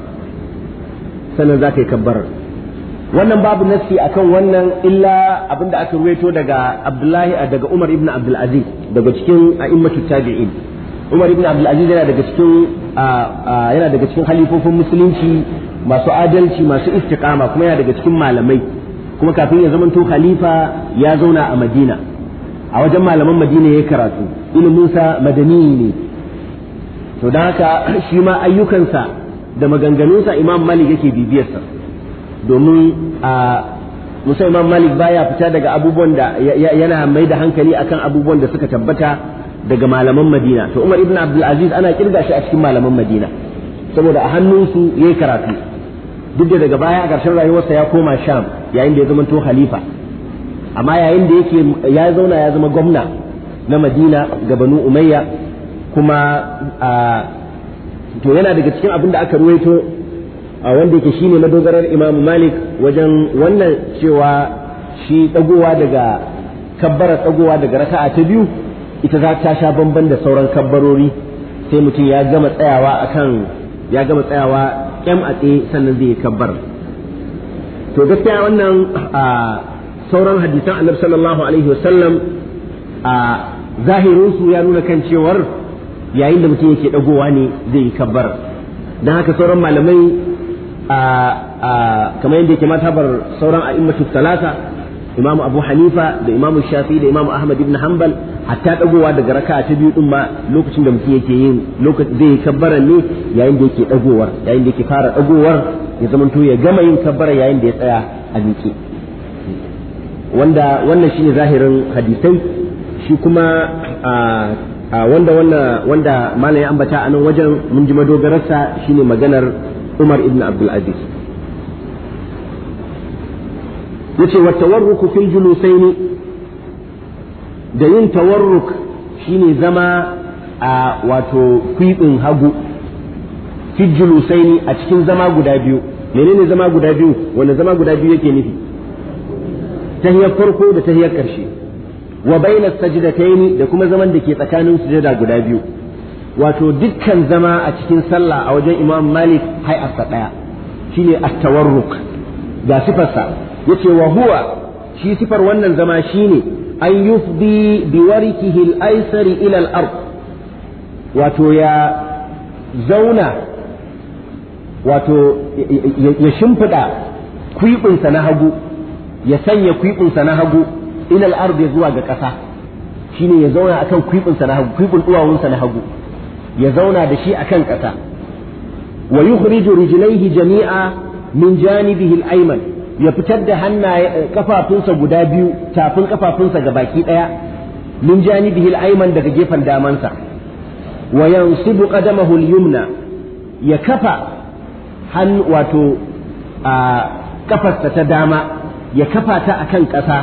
kabbarar wannan babu nassi akan wannan illa abinda aka ruwaito daga Abdullahi daga Umar ibn Abdul Aziz daga cikin a'immatu tabi'in Umar ibn Abdul Aziz yana daga cikin yana daga cikin halifofin musulunci masu adalci masu istiqama kuma yana daga cikin malamai kuma kafin ya zamanto khalifa ya zauna a Madina a wajen malaman Madina ya karatu iliminsa madani ne to don haka shi ma ayyukansa da maganganunsa Imam Malik yake bibiyarsa domin a musamman malik baya fita daga abubuwan da yana mai da hankali akan abubuwan da suka tabbata daga malaman madina to umar ibn abdul aziz ana kirga shi a cikin malaman madina saboda a hannunsu yi karatu duk da daga baya a ƙarshen rayuwarsa ya koma sham yayin da ya zama to halifa amma yayin da yake ya zauna ya zama gwamna na madina ga banu umayya kuma to yana daga cikin abin da aka ruwaito a wanda yake shine madogarar Imam malik wajen wannan cewa shi dagowa daga kabbara dagowa daga raka'a ta biyu ita za ta sha bamban da sauran kabbarori sai mutum ya gama tsayawa akan ya gama tsayawa kyam a tsaye sannan zai kabbar to gaskiya wannan a sauran hadisan annabi sallallahu alaihi wasallam a zahirinsu ya nuna kan cewar yayin da mutum yake dagowa ne zai yi kabbar dan haka sauran malamai kamar yadda yake matabar sauran a'immatu talata imamu abu hanifa da imamu shafi da imamu ahmad ibn hanbal hatta dagowa daga raka ta biyu din ma lokacin da mutum yake yin lokacin zai kabbara ne yayin da yake dagowar yayin da yake fara dagowar ya zamanto ya gama yin kabbara yayin da ya tsaya a miƙe wanda wannan shine zahirin hadisai shi kuma wanda wanda wanda malam ya ambata a nan wajen mun ji madogararsa shine maganar Umar ibn Abdul Aziz yace wa tawarruku fil julusaini da yin tawarruk shine zama a wato kwiɓin hagu fil julusaini a cikin zama guda biyu menene zama guda biyu wanda zama guda biyu yake nufi tahiyar farko da tahiyar ƙarshe wa bainas sajdataini da kuma zaman da ke tsakanin sujada guda biyu wato dukkan zama a cikin sallah a wajen imam malik hay'arsa ɗaya shine at-tawarruk ga sifarsa yace wa huwa shi sifar wannan zama shine an yufdi bi warikihi al-aysari ila al-ard wato ya zauna wato ya shimfiɗa kwiɓinsa na hagu ya sanya kwiɓinsa na hagu ila al zuwa ga ƙasa shine ya zauna akan kwiɓinsa na hagu kwiɓin duwawunsa na hagu ya zauna da shi a kan ƙasa wa yukhriju rijlaihi jami'a min janibihi al-ayman ya fitar da hannaye kafafunsa eh, guda biyu tafin kafafunsa ga baki daya min janibihi al-ayman daga gefen damansa wa yansibu qadamahu al-yumna ya kafa han wato a kafarsa ta dama ya kafa ta akan ƙasa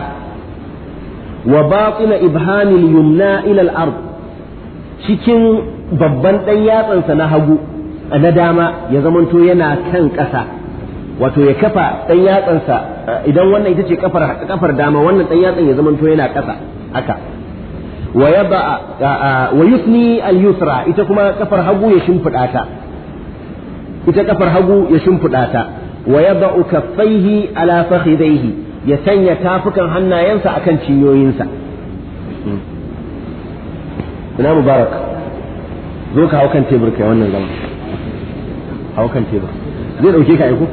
wa batina ibhamil yumna ila al-ard cikin babban ɗan yatsansa na hagu na dama ya zamanto yana kan ƙasa wato ya kafa ɗan yatsansa idan wannan ita ce kafar kafar dama wannan ɗan yatsan ya zamanto yana ƙasa haka wa yaba wa yusni al yusra ita kuma kafar hagu ya shimfiɗa ta ita kafar hagu ya shimfiɗa ta wa yaba'u kaffaihi ala fakhidaihi ya sanya tafukan hannayensa akan cinyoyinsa hmm. ina mubarak zo ka hau kan tebur kai wannan zama hau kan tebur zai dauke ka aiko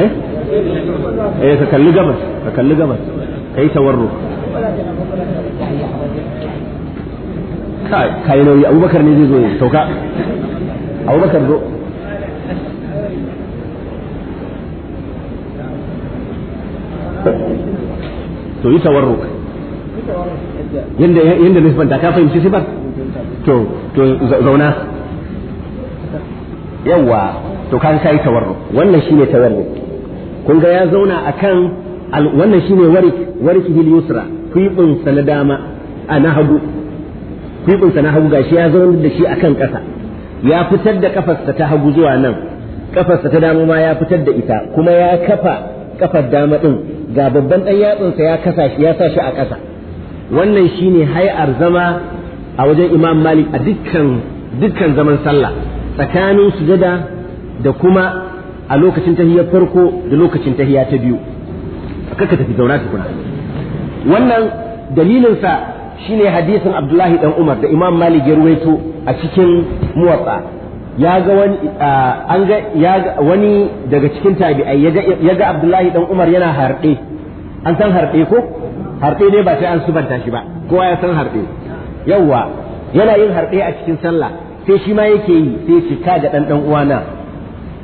eh eh ka kalli gabas ka kalli gabas kai tawarru ka yi nauyi abubakar ne zai zo ya sauka abubakar zo to yi tawarruk yanda yanda nisbanta ka fahimci sifar to to zauna yawa to kan sai tawarru wannan shine tawarru kun ga ya zauna akan wannan shine warik warik bil yusra kuibun sa na dama ana hagu kuibun sana na hagu gashi ya zauna da shi akan kasa ya fitar da kafarsa ta hagu zuwa nan kafarsa ta dama ma ya fitar da ita kuma ya kafa kafar dama din ga babban dan yatsunsa ya kasa shi ya sa shi a kasa wannan shine hay'ar zama a wajen imam malik a dukkan zaman sallah tsakanin sujada da kuma a lokacin tahiyyar farko da lokacin tahiyya ta biyu kaka tafi zauna tukuna wannan dalilinsa shine hadisin abdullahi dan umar da imam malik ya ruwaito a cikin muwatsa ya ga wani wani daga cikin tabi'ai ya ga abdullahi dan umar yana harɗe an san harɗe ko harfe ne ba sai an subanta shi ba kowa ya san harfe yawwa yana yin harfe a cikin sallah sai shi ma yake yi sai ce ka ga dan dan uwana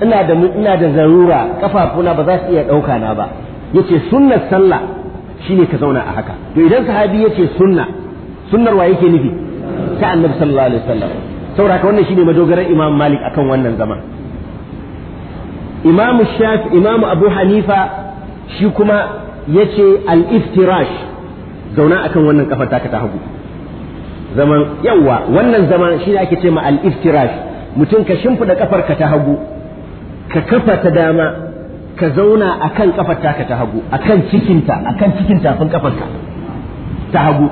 ina da ina da zarura kafafuna ba za su iya ɗauka na ba yace sunnar sallah shine ka zauna a haka to idan sahabi yace sunna sunnar wa yake nufi ta annabi sallallahu alaihi wasallam saboda wannan shine madogaran imam malik akan wannan zaman imamu shafi imamu abu hanifa shi kuma yace al-iftirash zauna akan wannan kafar taka ta hagu zaman yawa wannan zaman shi ne ake ce ma al-iftirash mutum ka shimfida kafar ka ta hagu ka kafa ta dama ka zauna akan kafar taka ta hagu akan cikinta akan cikin tafin kafar ka ta hagu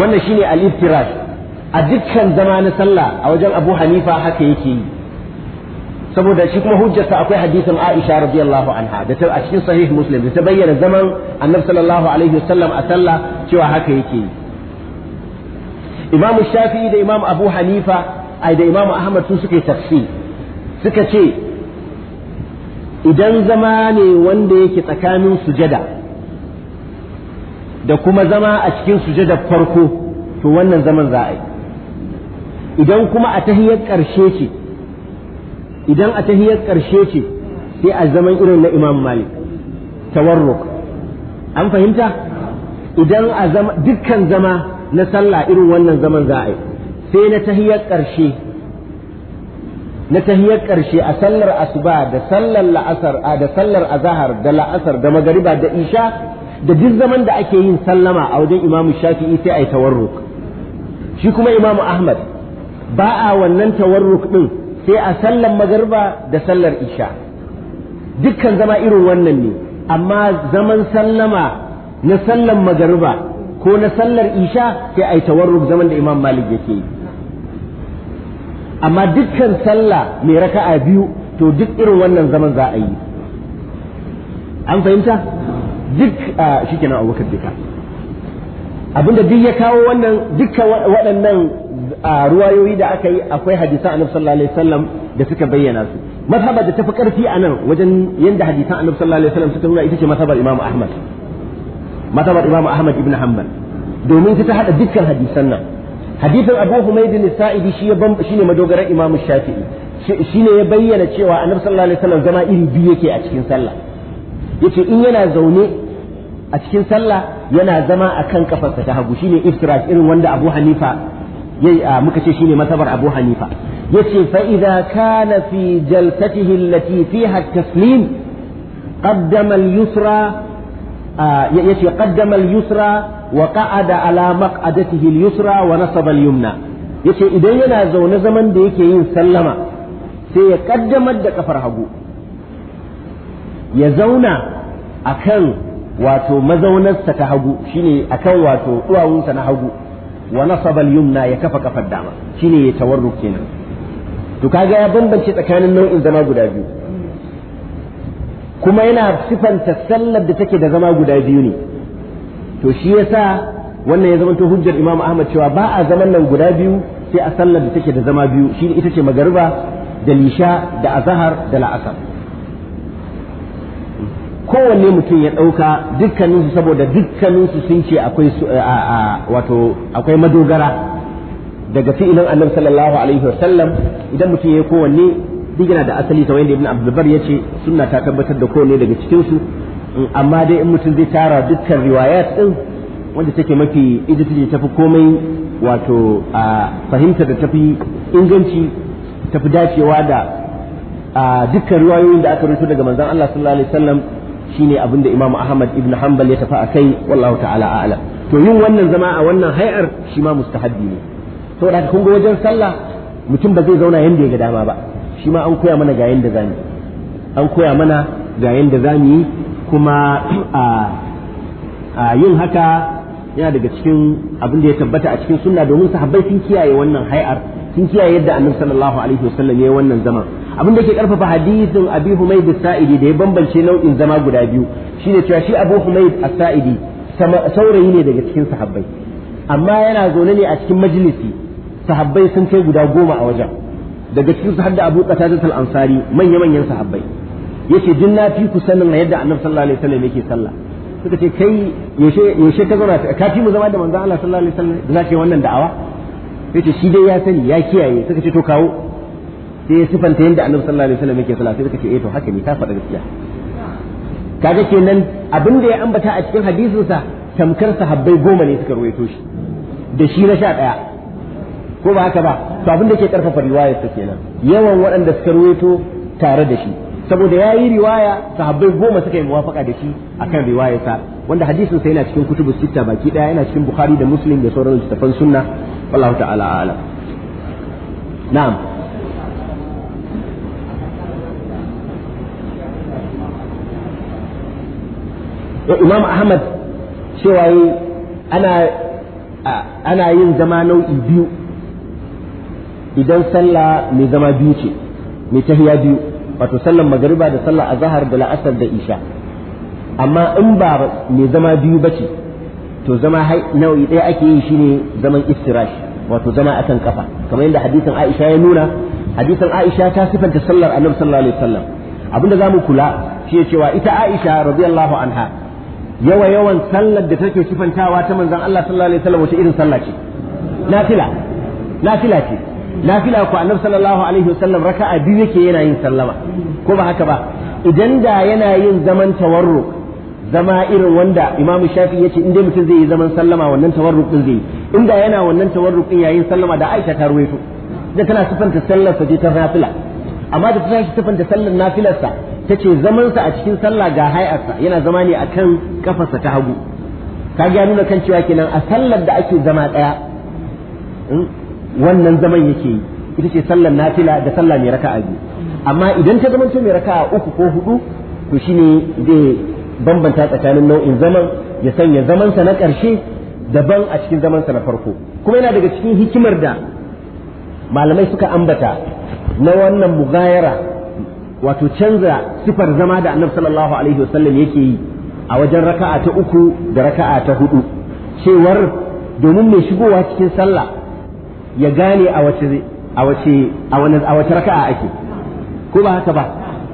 wannan shine al-iftirash a dukkan zama na sallah a wajen Abu Hanifa haka yake yi saboda shi kuma hujjarsa akwai hadisin Aisha radiyallahu anha da ta a cikin sahih Muslim da ta bayyana zaman Annabi sallallahu alaihi wasallam a sallah cewa haka yake yi Imam Shafi'i da Imam Abu Hanifa ai da Imam Ahmad su suka yi tafsir suka ce idan zama ne wanda yake tsakanin sujada da kuma zama a cikin sujada farko to wannan zaman za a yi idan kuma a tahiyar ƙarshe ce idan a tahiyar ƙarshe ce sai a zaman irin na imam malik tawarruk an fahimta idan a zama dukkan zama na sallah irin wannan zaman za a yi sai na tahiyar ƙarshe na tahiyar ƙarshe a sallar asuba da sallar la'asar da sallar azahar da la'asar da magariba da isha da duk zaman da ake yin sallama a wajen imamu shafi'i sai a yi tawarruk shi kuma imamu ahmad ba a wannan tawarruk din sai a sallar magarba da sallar isha dukkan zama irin wannan ne amma zaman sallama na sallar magarba ko na sallar isha sai a yi tawarruk zaman da imam malik yake yi amma dukkan sallah mai raka'a biyu to duk irin wannan zaman za a yi an fahimta duk shi kenan abubakar duka abinda duk ya kawo wannan dukkan waɗannan A ruwayoyi da aka yi akwai hadisan annabi sallallahu alaihi wasallam da suka bayyana su mazhabar da tafi karfi a nan wajen yanda hadisan annabi sallallahu alaihi wasallam suka nuna ita ce mazhabar imamu ahmad mazhabar imamu ahmad ibn hanbal domin ta hada dukkan hadisan nan hadisin abu humayd bin sa'idi shi shine madogaran imamu shafi'i shine ya bayyana cewa annabi sallallahu alaihi wasallam zama iri biyu yake a cikin sallah yace in yana zaune a cikin sallah yana zama a kan kafarsa ta hagu shine iftirak irin wanda Abu Hanifa Yai a muka ce shine masabar Abu Hanifa yace fa idza kana fi jalsatihi allati fiha at-taslim qaddama al-yusra yace qaddama al-yusra wa qa'ada ala maq'adatihi al-yusra wa nasaba al-yumna yace idan yana zaune zaman da yake yin sallama sai ya kaddamar da kafar hagu ya zauna akan wato mazaunarsa ta hagu shine akan wato duwawunsa na hagu wa nasaba yumna ya kafa kafar dama shine ya tawarruk kenan to kaga ya bambance tsakanin nau'in zama guda biyu kuma yana sifanta sallar da take da zama guda biyu ne to shi yasa wannan ya zama to hujjar Imam Ahmad cewa ba a zaman nan guda biyu sai a sallar da take da zama biyu shine ita ce magariba da lisha da azhar da la'asar kowanne mutum ya ɗauka dukkaninsu saboda dukkaninsu sun ce akwai wato akwai madogara daga fi'ilin annabi sallallahu alaihi wa sallam idan mutum ya kowanne digina da asali ta wanda ibn abdulbar ya ce sunna ta tabbatar da kowanne daga cikinsu amma dai in mutum zai tara dukkan riwayat din wanda take mafi ita take tafi komai wato a fahimta da tafi inganci tafi dacewa da dukkan riwayoyin da aka rubuta daga manzon Allah sallallahu alaihi wasallam shine abin da Imam Ahmad ibn Hanbal ya tafi akai wallahu ta'ala a'lam to yin wannan zama a wannan hay'ar shi ma mustahabbi ne da kun ga wajen sallah mutum ba zai zauna yanda ya ga dama ba shi ma an koya mana ga yanda zamu an koya mana ga yanda zamu yi kuma a yin haka yana daga cikin abin da ya tabbata a cikin sunna domin sahabbai sun kiyaye wannan hay'ar sun kiyaye yadda annabi sallallahu alaihi wasallam ya yi wannan zaman abin da ke karfafa hadisin abi humaid saidi da ya bambance nau'in zama guda biyu shine cewa shi abu humaid as-sa'idi saurayi ne daga cikin sahabbai amma yana zaune ne a cikin majalisi sahabbai sun kai guda goma a wajen daga cikin su hadda abu qatadat al-ansari manya manyan sahabbai yace din na fi ku sanin yadda annabi sallallahu alaihi wasallam yake sallah suka ce kai yaushe yaushe ka zauna ka fi mu zama da manzon Allah sallallahu alaihi wasallam da wannan da'awa yace shi dai ya sani ya kiyaye suka ce to kawo sai sifanta yadda annabi sallallahu alaihi wasallam yake sallah sai kace eh to haka ne ka faɗa gaskiya kaga kenan abin da ya ambata a cikin hadisin sa tamkar sahabbai goma ne suka ruwaito shi da shi na sha ɗaya ko ba haka ba to abin da ke karfafa riwayar sa kenan yawan waɗanda suka ruwaito tare da shi saboda ya yi riwaya sahabbai goma suka yi muwafaka da shi akan riwayar sa wanda hadisin sa yana cikin kutubu sita baki ɗaya yana cikin bukhari da muslim da sauran littafan sunna wallahu ta'ala a'lam na'am imam ahmad cewa yi ana ana yin zama nau'i biyu idan sallah mai zama biyu ce mai tahiya biyu wato sallar magariba da sallar azahar da la'asar da isha amma in ba mai zama biyu ce to zama nau'i ɗaya ake yi shine zaman istirash wato zama akan kafa kamar yadda hadisin Aisha ya nuna hadisin Aisha ta sifanta sallar Annabi sallallahu alaihi wasallam abinda zamu kula shi cewa ita Aisha radiyallahu anha yawa yawan sallar da take sifantawa ta manzon Allah sallallahu alaihi wasallam wace irin sallah ce nafila nafila ce nafila ko annabi sallallahu alaihi wasallam raka'a biyu yake yana yin sallama ko ba haka ba idan da yana yin zaman tawarruk zama irin wanda imamu shafi ya ce inda mutum zai yi zaman sallama wannan tawarruk din zai yi inda yana wannan tawarruk din yayin sallama da aisha ta ruwaito da tana sifanta sallar sa ta nafila amma da ta tashi sifanta sallar nafilarsa ta ce zamansa a cikin sallah ga hayarsa yana zama ne a kan kafarsa ta hagu ka ga nuna kan cewa kenan a sallar da ake zama ɗaya hmm, wannan zaman yake yi ita ce sallar nafila da sallah mai raka'a biyu amma idan ta zamanto mai raka'a uku ko hudu to shine zai bambanta tsakanin nau'in zaman ya sanya zamansa na ƙarshe daban a cikin zamansa na farko kuma yana daga cikin hikimar da malamai suka ambata na wannan mugayara wato canza sifar zama da annabi sallallahu alaihi wasallam yake yi a wajen raka'a ta uku da raka'a ta hudu cewar domin mai shigowa cikin sallah ya gane a wace a wace a wace raka'a ake ko ba haka ba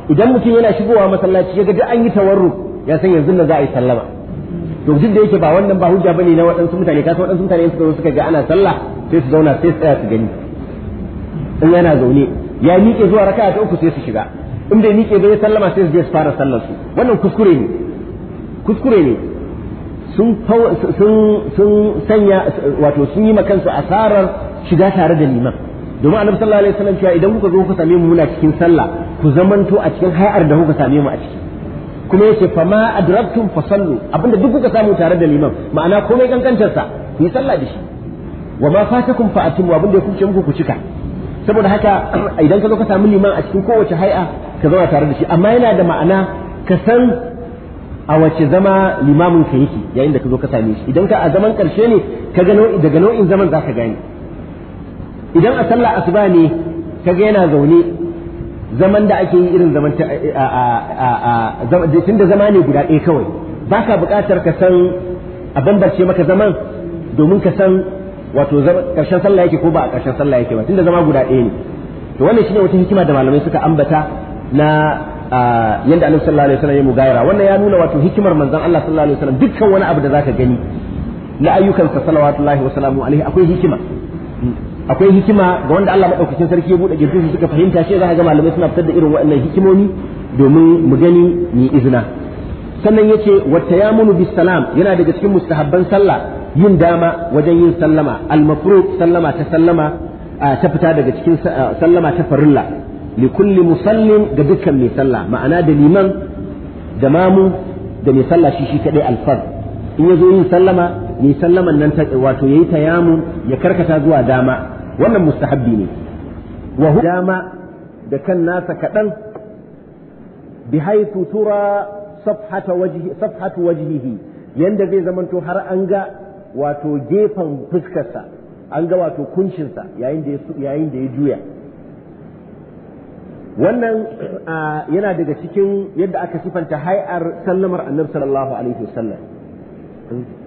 idan mutum yana shigowa masallaci ya ga duk an yi tawarru ya san yanzu na za a yi sallama to duk da yake ba wannan ba hujja bane na waɗansu mutane kasa waɗansu mutane su zo suka ga ana sallah sai su zauna sai su tsaya su gani in yana zaune ya miƙe zuwa raka'a ta uku sai su shiga in bai miƙe ba ya sallama sai su fara sallar su wannan kuskure ne kuskure ne sun sun sanya wato sun yi makansu asarar shiga tare da liman domin annabi sallallahu alaihi wasallam cewa idan kuka zo kuka same mu muna cikin sallah ku zamanto a cikin hay'ar da kuka same mu a ciki kuma yace fa ma adraktum fa sallu abinda duk kuka samu tare da liman ma'ana komai kankantar sa ku yi sallah da shi wa ma fatakum fa atimu abinda ya kuce muku ku cika saboda haka idan ka zo ka samu liman a cikin kowace hay'a ka zauna tare da shi amma yana da ma'ana ka san a wace zama limamin ka yake yayin da ka zo ka same shi idan ka a zaman karshe ne ka ga nau'i daga nau'in zaman za ka gane idan a sallah asuba ne ka ga yana zaune zaman da ake yi irin zaman ta a a da zama ne guda ɗaya kawai ba ka buƙatar ka san a bambance maka zaman domin ka san wato karshen sallah yake ko ba a karshen sallah yake ba tunda zama guda ɗaya ne to wannan shine wata hikima da malamai suka ambata na yadda annabi sallallahu alaihi wasallam ya mugayara wannan ya nuna wato hikimar manzon Allah sallallahu alaihi wasallam dukkan wani abu da zaka gani na ayyukansa salawatullahi wa salamu alaihi akwai hikima akwai hikima ga wanda Allah madaukakin sarki ya bude girgin suka fahimta shi zaka ka ga malamai suna fitar da irin waɗannan hikimomi domin mu gani ni izina sannan yace wa ya bis salam yana daga cikin mustahabban sallah yin dama wajen yin sallama al sallama ta sallama ta fita daga cikin sallama ta farilla li kulli musallin ga dukkan mai sallah ma'ana da liman da mamu da mai sallah shi shi kadai alfar in ya zo yin sallama mai sallaman nan wato yayi tayammum ya karkata zuwa dama wannan mustahabbi ne wahu dama da kan nasa kaɗan bi tura safhata wajhi safhatu wajhihi yanda zai zamanto har anga ga wato gefen fuskarsa an ga kuncinsa kunshinsa yayin da ya juya wannan yana daga cikin yadda aka sifanta hai'ar sallamar annabi sallallahu alaihi wasallam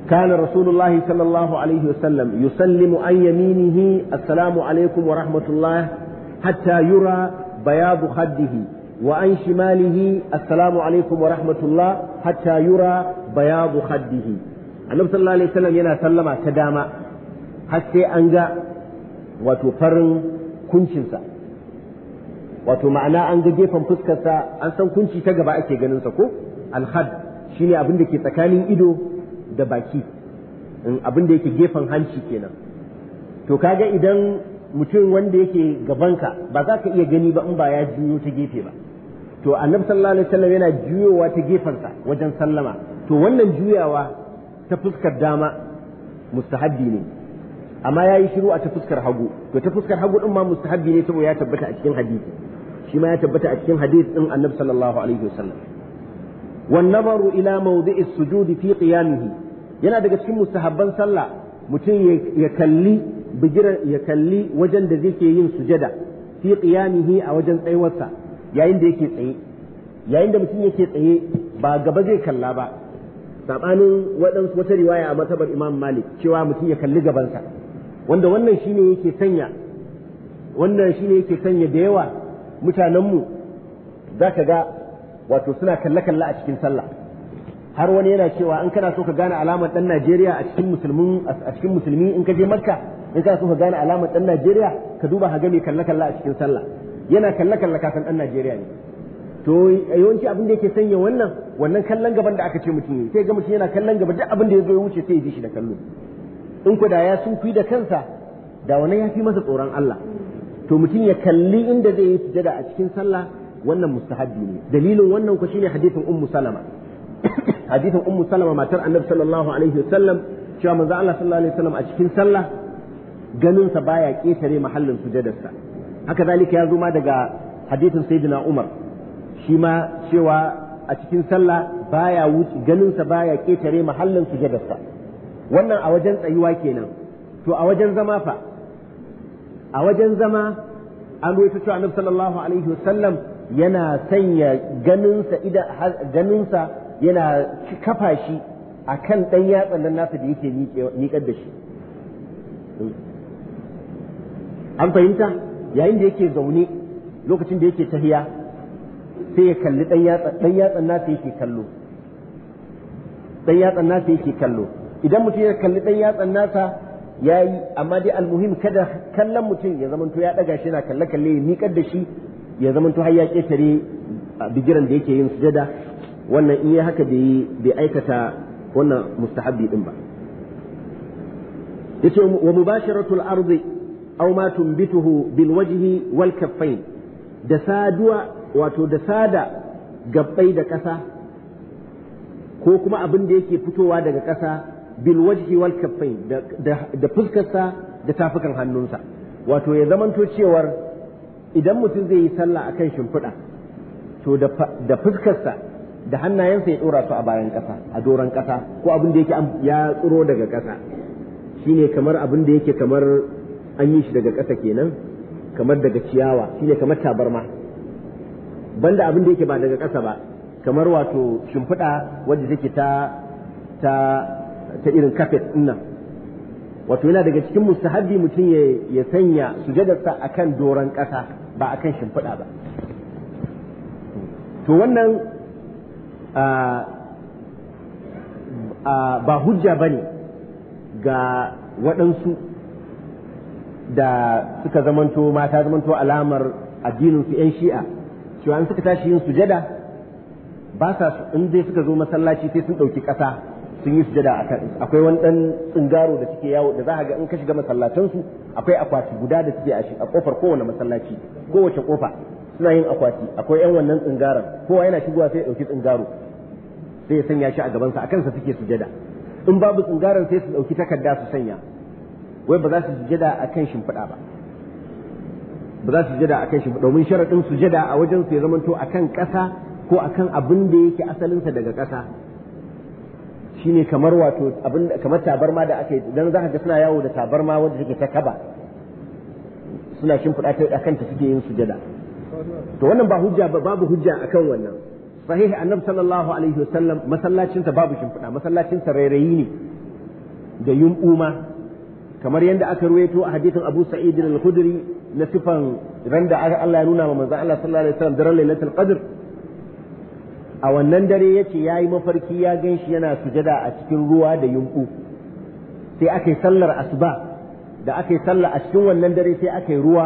كان رسول الله صلى الله عليه وسلم يسلم عن يمينه السلام عليكم ورحمة الله حتى يرى بياض خده وعن شماله السلام عليكم ورحمة الله حتى يرى بياض خده النبي صلى الله عليه وسلم ينا سلم تداما حتى أنجا وتفرن كنشنسا wato ma'ana an ga gefen fuskarsa an san kunci ta gaba ake ganin sa ko alhad shine abin da ke tsakanin ido da baki abin da yake gefen hanci kenan to kaga idan mutum wanda yake gabanka ba za ka iya gani ba in ba ya juyo ta gefe ba to annabi sallallahu alaihi wasallam yana juyowa ta gefensa wajen sallama to wannan juyawa ta fuskar dama mustahabbi ne amma ya yi shiru a ta fuskar hagu to ta fuskar hagu din ma mustahabbi ne saboda ya tabbata a cikin hadisi shi ma ya tabbata a cikin hadith din annabi sallallahu alaihi wasallam wan nabaru ila mawdi'i sujudi fi qiyamihi yana daga cikin mustahabban sallah mutum ya kalli bigiran ya kalli wajen da zai yin sujada fi qiyamihi a wajen tsayuwarsa yayin da yake tsaye yayin da mutum yake tsaye ba gaba zai kalla ba sabanin waɗansu wata riwaya a matabar imam malik cewa mutum ya kalli gabansa wanda wannan shine yake sanya wannan shine yake sanya da yawa mutanenmu za ka ga wato suna kalle-kalle a cikin sallah har wani yana cewa in kana so ka gane alamar dan Najeriya a cikin musulmin a cikin musulmi in ka je Makka in kana so ka gane alamar dan Najeriya ka duba ka ga me kalle-kalle a cikin sallah yana kalle-kalle kasan dan Najeriya ne to yawanci abin da yake sanya wannan wannan kallon gaban da aka ce mutum sai ga mutum yana kallon gaba duk abin da ya zo wuce sai ya ji shi da kallo in ku da ya da kansa da wannan ya fi masa tsoron Allah to mutum ya kalli inda zai yi sujada a cikin sallah wannan mustahabbi ne dalilin wannan ku shine hadithin ummu salama hadithin ummu salama matar annabi sallallahu alaihi wasallam cewa manzo Allah sallallahu alaihi wasallam a cikin sallah ganin sa baya ketare mahallin sujadarsa haka zalika ya zo ma daga hadithin sayyidina Umar shi ma cewa a cikin sallah baya wuce ganin sa baya ketare mahallin sujadarsa wannan a wajen tsayuwa kenan to a wajen zama fa a wajen zama an ruwaito cewa annabi sallallahu alaihi wasallam yana sanya ganinsa ida ganinsa yana kafa shi akan dan yatsan nan nasa da yake miƙar da shi an fahimta yayin da yake zaune lokacin da yake tahiya sai ya kalli dan yatsan dan yatsan nasa yake kallo dan yatsan nasa yake kallo idan mutum ya kalli dan yatsan nasa yayi amma dai almuhim kada kallon mutum ya zamanto ya daga shi na kalle kalle ya miƙar da shi ya zamanto har ya ketare bigiran da yake yin sujada wannan in ya haka da yi bai aikata wannan mustahabbi din ba yace wa mubasharatul ardi aw ma tumbituhu bil wajhi wal kaffain da saduwa wato da sada gabbai da ƙasa ko kuma abin da yake fitowa daga ƙasa bil wajhi wal kaffain da fuskarsa da tafukan hannunsa wato ya zamanto cewar idan mutum zai yi sallah akan shimfiɗa to da fuskarsa da hannayensa ya ɗora su a bayan ƙasa a doron ƙasa ko abin da yake ya tsuro daga ƙasa shine kamar abin da yake kamar an yi shi daga ƙasa kenan kamar daga ciyawa shine kamar tabarma banda abin da yake ba daga ƙasa ba kamar wato shimfiɗa wadda take ta ta ta irin kafet nan wato yana daga cikin mustahabbi mutum ya sanya sujadarsa akan doron ƙasa ba akan shimfiɗa ba to wannan ba hujja ba ne ga waɗansu da suka zamanto mata zamanto alamar addininsu 'yan shi'a cewa an suka tashi yin sujada ba sa in dai suka zo masallaci sai sun ɗauki ƙasa sun yi sujada a kan akwai wani dan tsingaro da suke yawo da za ga in ka shiga masallatansu akwai akwati guda da suke a kofar kowane masallaci kowace kofa suna yin akwati akwai yan wannan tsingaran kowa yana shigowa sai ya dauki tsingaro sai ya sanya shi a gabansa a kansa suke sujada in babu tsingaran sai su dauki takarda su sanya wai ba za su sujada a kan shimfiɗa ba ba za su sujada a kan shimfiɗa domin sharaɗin sujada a wajen su ya zamanto a kan ƙasa ko a kan abin da yake asalinsa daga ƙasa shine kamar wato abin kamar tabarma da ake dan za ka ga suna yawo da tabarma wanda take ta kaba suna shimfiɗa ta akan ta suke yin sujada to wannan ba hujja ba babu hujja akan wannan sahihi annabi sallallahu alaihi wasallam masallacin sa babu shimfiɗa masallacin sa rairayi ne da yumɓuma kamar yadda aka ruwaito a hadithin Abu Sa'id al-Khudri na sifan randa Allah ya nuna wa manzo Allah sallallahu alaihi wasallam daren lailatul qadr a wannan dare ya ce ya yi mafarki ya gan shi yana sujada a cikin ruwa da yunku. sai aka yi sallar asuba da aka yi sallar a cikin wannan dare sai aka yi ruwa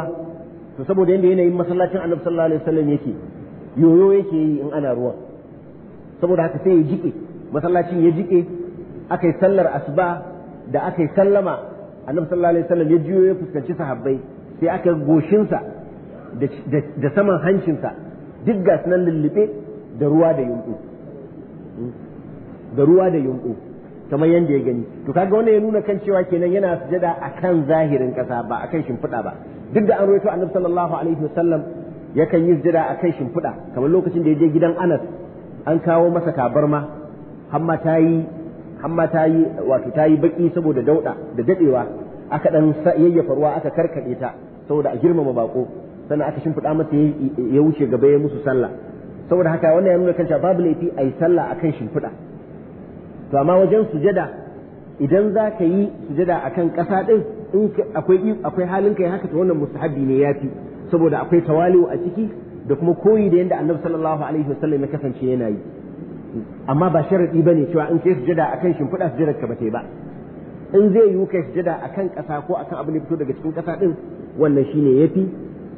to saboda yadda yanayin masallacin annabi sallallahu alaihi wasallam yake yoyo yake yi in ana ruwa saboda haka sai ya jike masallacin ya jike aka yi sallar asuba da aka yi sallama annabi sallallahu alaihi wasallam ya jiyo ya fuskanci sahabbai sai aka goshinsa da saman hancinsa duk ga nan lullube da ruwa da yunƙu da ruwa da yunƙu kamar yadda ya gani to kaga wannan ya nuna kan cewa kenan yana sujada akan zahirin ƙasa ba akan shimfiɗa ba duk da an rawaito annabi sallallahu alaihi wasallam yakan yi sujada akan shimfiɗa kamar lokacin da ya je gidan Anas an kawo masa kabarma, hamma ta yi hamma ta yi wato ta yi baki saboda dauda da dadewa aka dan yayyafa ruwa aka karkade ta saboda a girmama bako sannan aka shimfiɗa masa ya wuce gaba ya musu sallah saboda haka wannan ya nuna kanta babu laifi a yi sallah a kan shimfiɗa to amma wajen sujada idan za ka yi sujada a kan ƙasa ɗin in akwai akwai halin kai haka to wannan mustahabi ne yafi saboda akwai tawali'u a ciki da kuma koyi da yadda annabi sallallahu alaihi wasallam ya kasance yana yi amma ba sharadi bane cewa in kai sujada akan shimfiɗa sujadar ka bata ba in zai yiwu kai sujada akan ƙasa ko a kan abin da fito daga cikin ƙasa ɗin wannan shine yafi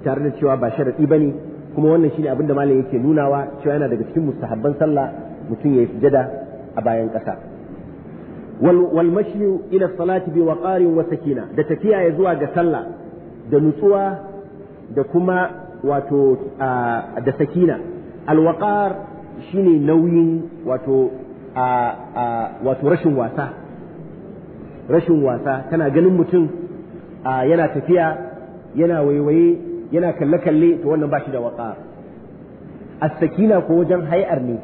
tare da cewa ba sharadi bane kuma wannan shine abin da malam yake nunawa cewa yana daga cikin mustahabban sallah mutum ya yi sujada a bayan ƙasa wal mashyu ila salati bi waqarin wa sakina da tafiya ya zuwa ga sallah da nutsuwa da kuma wato da sakina al waqar shine nauyin wato wato rashin wasa rashin wasa ganin mutum yana tafiya yana waiwaye yana kalle kalle to wannan ba shi da waqar as-sakina ko wajen hay'ar ne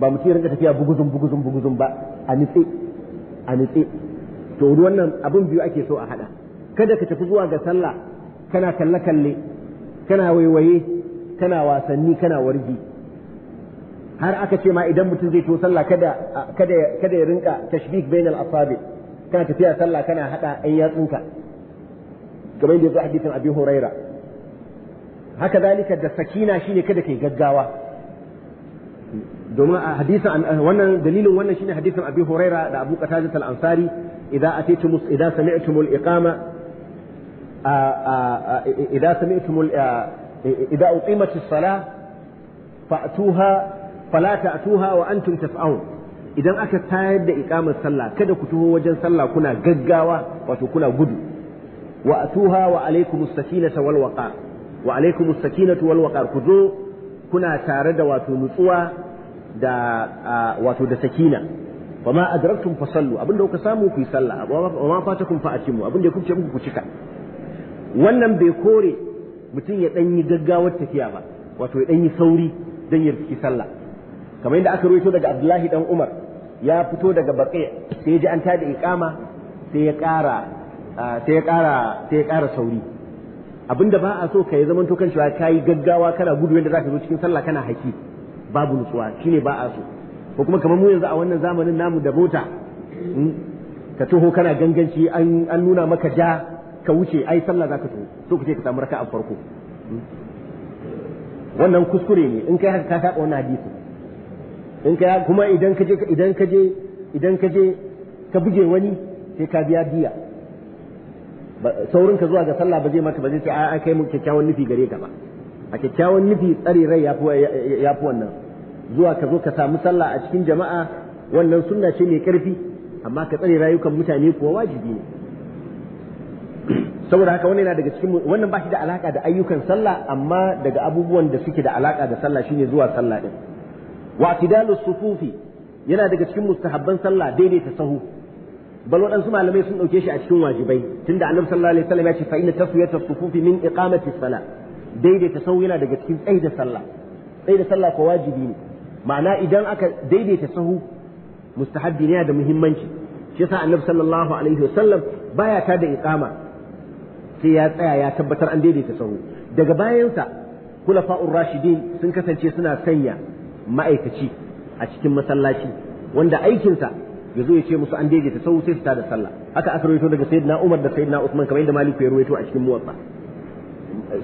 ba mutum ya rinka tafiya buguzun buguzun buguzun ba a nitse a nitse to wannan abin biyu ake so a hada kada ka tafi zuwa ga sallah kana kalle kalle kana waiwaye kana wasanni kana warji har aka ce ma idan mutum zai to sallah kada kada kada ya rinka tashbih bainal asabi kana tafiya sallah kana hada ayyatunka kamar yadda ya zo hadisin abi huraira haka zalika da sakina shine kada kai gaggawa domin hadisin wannan dalilin wannan shine hadisin Abi Huraira da Abu Qatada al-Ansari idza ataytum idza sami'tum al-iqama idza sami'tum idza uqimat as-salah fa'tuha fala ta'tuha wa antum tas'un idan aka tayar da iqamar sallah kada ku tuho wajen sallah kuna gaggawa wato kuna gudu wa atuha wa alaykumus sakinata wal waqa' wa alaikumus sakinatu wal waqar ku zo kuna tare da wato nutsuwa da wato da sakina fa ma adraktum fa sallu abinda kuka samu ku yi sallah wa ma fatakum fa akimu abinda kuka ce muku ku cika wannan bai kore mutum ya dan yi gaggawar tafiya ba wato ya dan yi sauri dan ya sallah kamar yadda aka rawaito daga Abdullahi dan Umar ya fito daga Baqi sai ya ji an tada iqama sai ya kara sai ya kara sai ya ƙara sauri abinda ba a so ka ya zamanto kan cewa yi gaggawa kana gudu yadda zaka zo cikin sallah kana haki babu nutsuwa shine ba a so ko kuma kamar mu yanzu a wannan zamanin namu da mota hmm, ka taho kana ganganci an nuna maka ja ka wuce ai sallah zaka taho so kace ka samu raka'a farko hmm. wannan kuskure ne in kai haka ka saba wannan hadisi in kai kuma idan ka je idan ka je idan ka je ka buge wani sai ka biya biya saurin ka zuwa ga sallah ba zai maka ba zai ce a kai mu kyakkyawan nufi gare ka ba a kyakkyawan nufi tsare rai ya fi wannan zuwa ka zo ka samu sallah a cikin jama'a wannan sunna ce mai karfi amma ka tsare rayukan mutane kuwa wajibi ne saboda haka wannan yana daga cikin wannan ba shi da alaka da ayyukan sallah amma daga abubuwan da suke da alaka da sallah shine zuwa sallah din wa sufufi yana daga cikin mustahabban sallah daidaita sahu bal waɗansu malamai sun ɗauke shi a cikin wajibai tunda annabi sallallahu alaihi wasallam ya ce fa inna taswiyata sufufi min daidaita sahu yana daga cikin tsayi da sallah tsayi sallah ko wajibi ne ma'ana idan aka daidaita sahu mustahabbi ne da muhimmanci shi yasa annabi sallallahu alaihi wasallam baya ta da iqama sai ya tsaya ya tabbatar an daidaita sahu daga bayansa kulafa'ur rashidin sun kasance suna sanya ma'aikaci a cikin masallaci wanda aikinsa ya zo ya ce musu an daidaita sau sai su tada sallah haka aka rawaito daga sayyidina Umar da sayyidina Usman kamar yadda Malik ya rawaito a cikin muwatta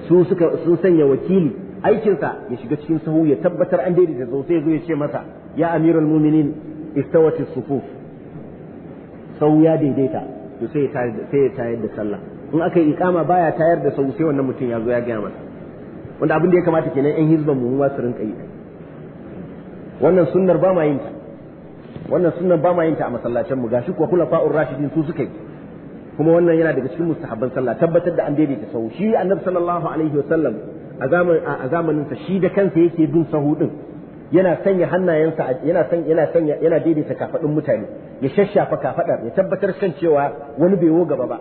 su suka sun sanya wakili aikinsa ya shiga cikin sahu ya tabbatar an daidaita sau sai ya zo ya ce masa ya amirul mu'minin istawati sufuf sau ya daidaita to sai ya tayar da sallah in aka yi ikama baya tayar da sau sai wannan mutum ya zo ya gaya masa wanda abin da ya kamata kenan yan hizban mu su rinka yi wannan sunnar ba ma yin ta wannan sunan ba ma yin ta a masallacin mu gashi kuwa khulafa'ur rashidin su suka yi kuma wannan yana daga cikin mustahabban sallah tabbatar da an daidaita sahu shi annabi sallallahu alaihi wa sallam a zamanin sa shi da kansa yake bin sahu din yana sanya hannayensa yana san yana sanya yana daidaita kafadun mutane ya shashafa kafadar ya tabbatar kan cewa wani bai wo gaba ba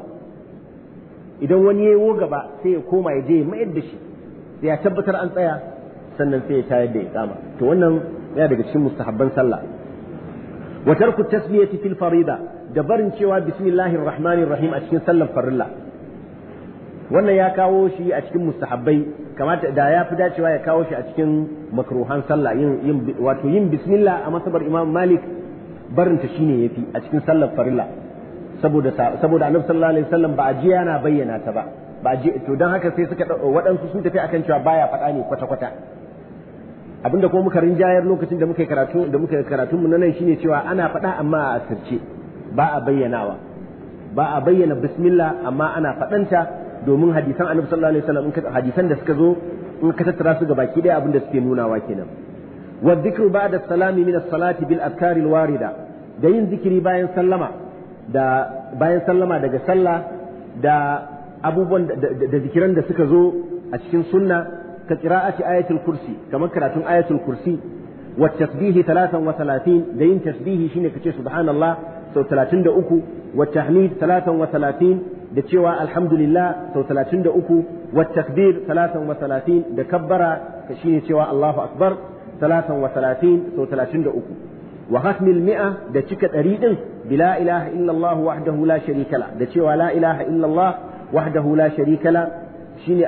idan wani ya wo gaba sai ya koma ya je ya mayar da shi sai ya tabbatar an tsaya sannan sai ya tayar da iqama to wannan yana daga cikin mustahabban sallah wa tarku tasmiyati fil farida da barin cewa bismillahir rahmanir rahim a cikin sallar farilla wannan ya kawo shi a cikin mustahabbai kamata da ya fi dacewa ya kawo shi a cikin makruhan sallah yin wato a masabar imam malik barinta shine yafi a cikin sallar farilla saboda saboda annabi sallallahu alaihi wasallam ba ajiya bayyana ta ba ba to dan haka sai suka waɗansu sun tafi akan cewa baya faɗa ne kwata kwata abinda kuma muka rinjayar lokacin da muka karatu da muka karatu mu nan shine cewa ana faɗa amma a asirce ba a bayyanawa ba a bayyana bismillah amma ana faɗanta domin hadisan annabi sallallahu alaihi wasallam hadisan da suka zo in ka tattara su gabaki abin abinda suke nunawa kenan wa dhikru ba'da salami min as-salati bil azkari al-warida da yin zikiri bayan sallama da bayan sallama daga sallah da abubuwan da zikiran da suka zo a cikin sunna ka qira'ati ayatul kursi kamar karatun ayatul kursi wa tasbihi 33 da yin tasbihi shine kace subhanallah sau 33 wa tahmid 33 da cewa alhamdulillah sau 33 wa takbir 33 da kabbara shine cewa Allahu akbar 33 sau 33 وختم المئة ده تشك أريد بلا إله إلا الله وحده لا شريك له ده تشوى لا إله إلا الله وحده لا شريك له shine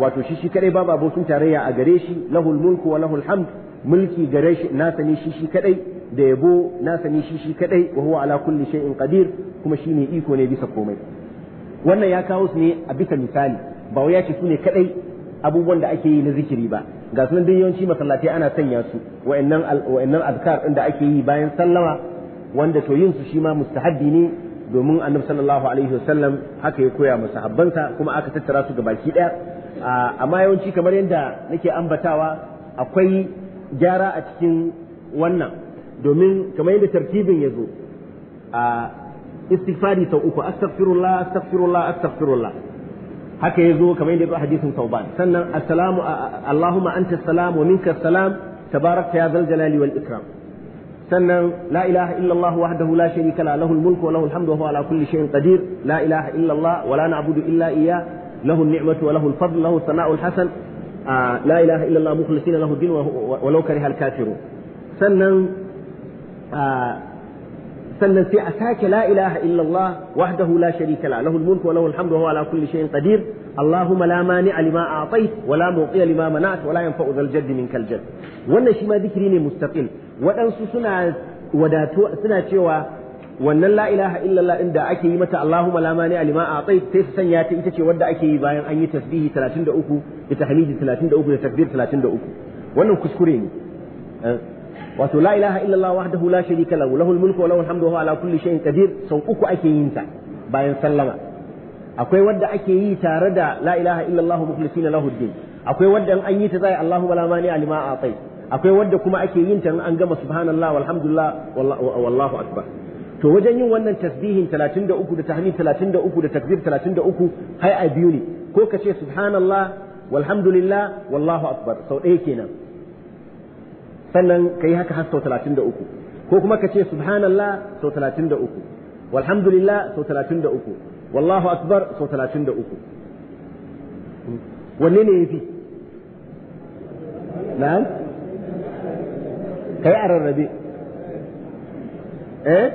wato shi shi kadai babu abokin tarayya a gare shi lahul mulku wa lahul hamd mulki gare shi na sani shi shi kadai da yabo na sani shi shi kadai wa huwa ala kulli shay'in qadir kuma ne iko ne bisa komai wannan ya kawo su ne a bisa misali ba wai ya ce su ne kadai abubuwan da ake yi na zikiri ba ga sunan dai yawanci masallatai ana sanya su wa'annan wa'annan azkar din da ake yi bayan sallama wanda to yin su shi ma mustahabbi ne domin annabi sallallahu alaihi wasallam haka ya koya masa habbansa kuma aka tattara su gabaki daya amma yawanci kamar yadda nake ambatawa akwai gyara a cikin wannan domin kamar yadda tartibin ya zo a istighfari sau uku astaghfirullah astaghfirullah astaghfirullah haka ya zo kamar yadda ya zo hadisin tauban sannan assalamu allahumma anta salam wa minka salam tabarakta ya zal jalali wal ikram sannan la ilaha illallah wahdahu la sharika la lahul mulku wa lahul hamdu wa huwa ala kulli shay'in qadir la ilaha illallah wa la na'budu illa iyyah lahu nimatu wa lahu fadl lahu sana'u hasan ah, la ilaha illallah mukhlisina lahu din wa law kariha al-kafirun sannan ah, sannan sai a sake la ilaha illallah wahdahu la sharika la lahul mulku wa lahul hamdu wa huwa ala kulli shay'in qadir اللهم لا مانع لما أعطيت ولا معطي لما منعت ولا ينفع ذا الجد منك الجد wannan shi ma zikiri ne mustaqil waɗansu suna wadato suna cewa wannan la ilaha illallah din da ake yi mata Allahumma la mani alima a sai su sanya ta ita ce wadda ake yi bayan an yi tasbihi 33 da tahmidi 33 da takbir 33 wannan kuskure ne eh, wato la ilaha illallah wahdahu la sharika lahu lahul mulku wa lahul hamdu wa ala kulli shay'in qadir sau uku ake yin ta bayan sallama akwai wadda ake yi tare da la ilaha illallah mukhlisina lahu din akwai wadda an yi ta zai Allahumma la mani alima a akwai wadda kuma ake yin ta an gama subhanallah walhamdulillah wallahu akbar to wajen yin wannan tasbihin 33 da tahmid 33 da takbir 33 hai a biyu ne ko ka ce subhanallah walhamdulillah wallahu akbar sau ɗaya kenan sannan ka yi haka har sau 33 ko kuma ka ce subhanallah sau 33 walhamdulillah sau 33 wallahu akbar sau 33 wanne ne ya fi? na'am ka yi ararrabe eh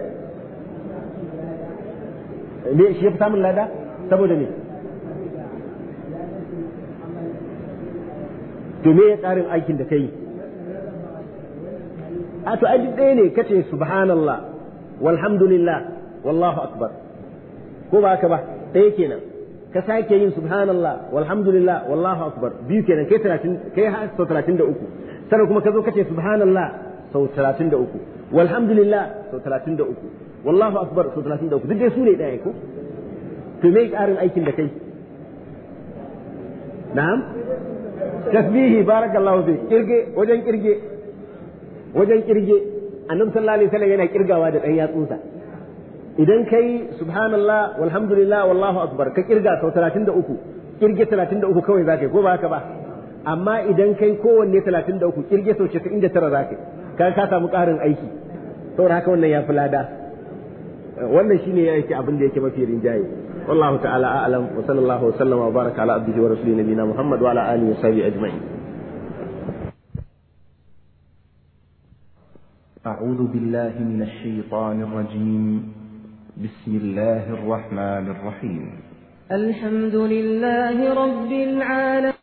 me shi ya fi samun lada saboda me to me ya tsarin aikin da ka yi a to ai ɗaya ne kace subhanallah walhamdulillah wallahu akbar ko ba haka ba ɗaya kenan ka sake yin subhanallah walhamdulillah wallahu akbar biyu kenan kai 30 kai har 33 sannan kuma ka zo kace subhanallah sau talatin da uku walhamdulillah sau uku wallahu akbar sau 33 duk dai su ne ɗaya ko to me ƙarin aikin da kai na'am tasbihi barakallahu fi kirge wajen kirge wajen kirge annabi sallallahu alaihi wasallam yana kirgawa da ɗan yatsunsa idan kai subhanallah walhamdulillah wallahu akbar ka kirga sau uku kirge talatin da uku kawai zaka ko ba haka ba amma idan kai kowanne talatin da uku kirge sau 99 zaka kan ka samu ƙarin aiki saboda haka wannan ya fi lada wannan shine ya yake abin da yake mafi rinjaye wallahu ta'ala a'lam wa sallallahu wa sallama wa baraka ala abdihi wa rasulihi nabina muhammad wa ala alihi wa sahbihi ajma'in أعوذ بالله من الشيطان الرجيم بسم الله الرحمن الرحيم الحمد لله رب العالمين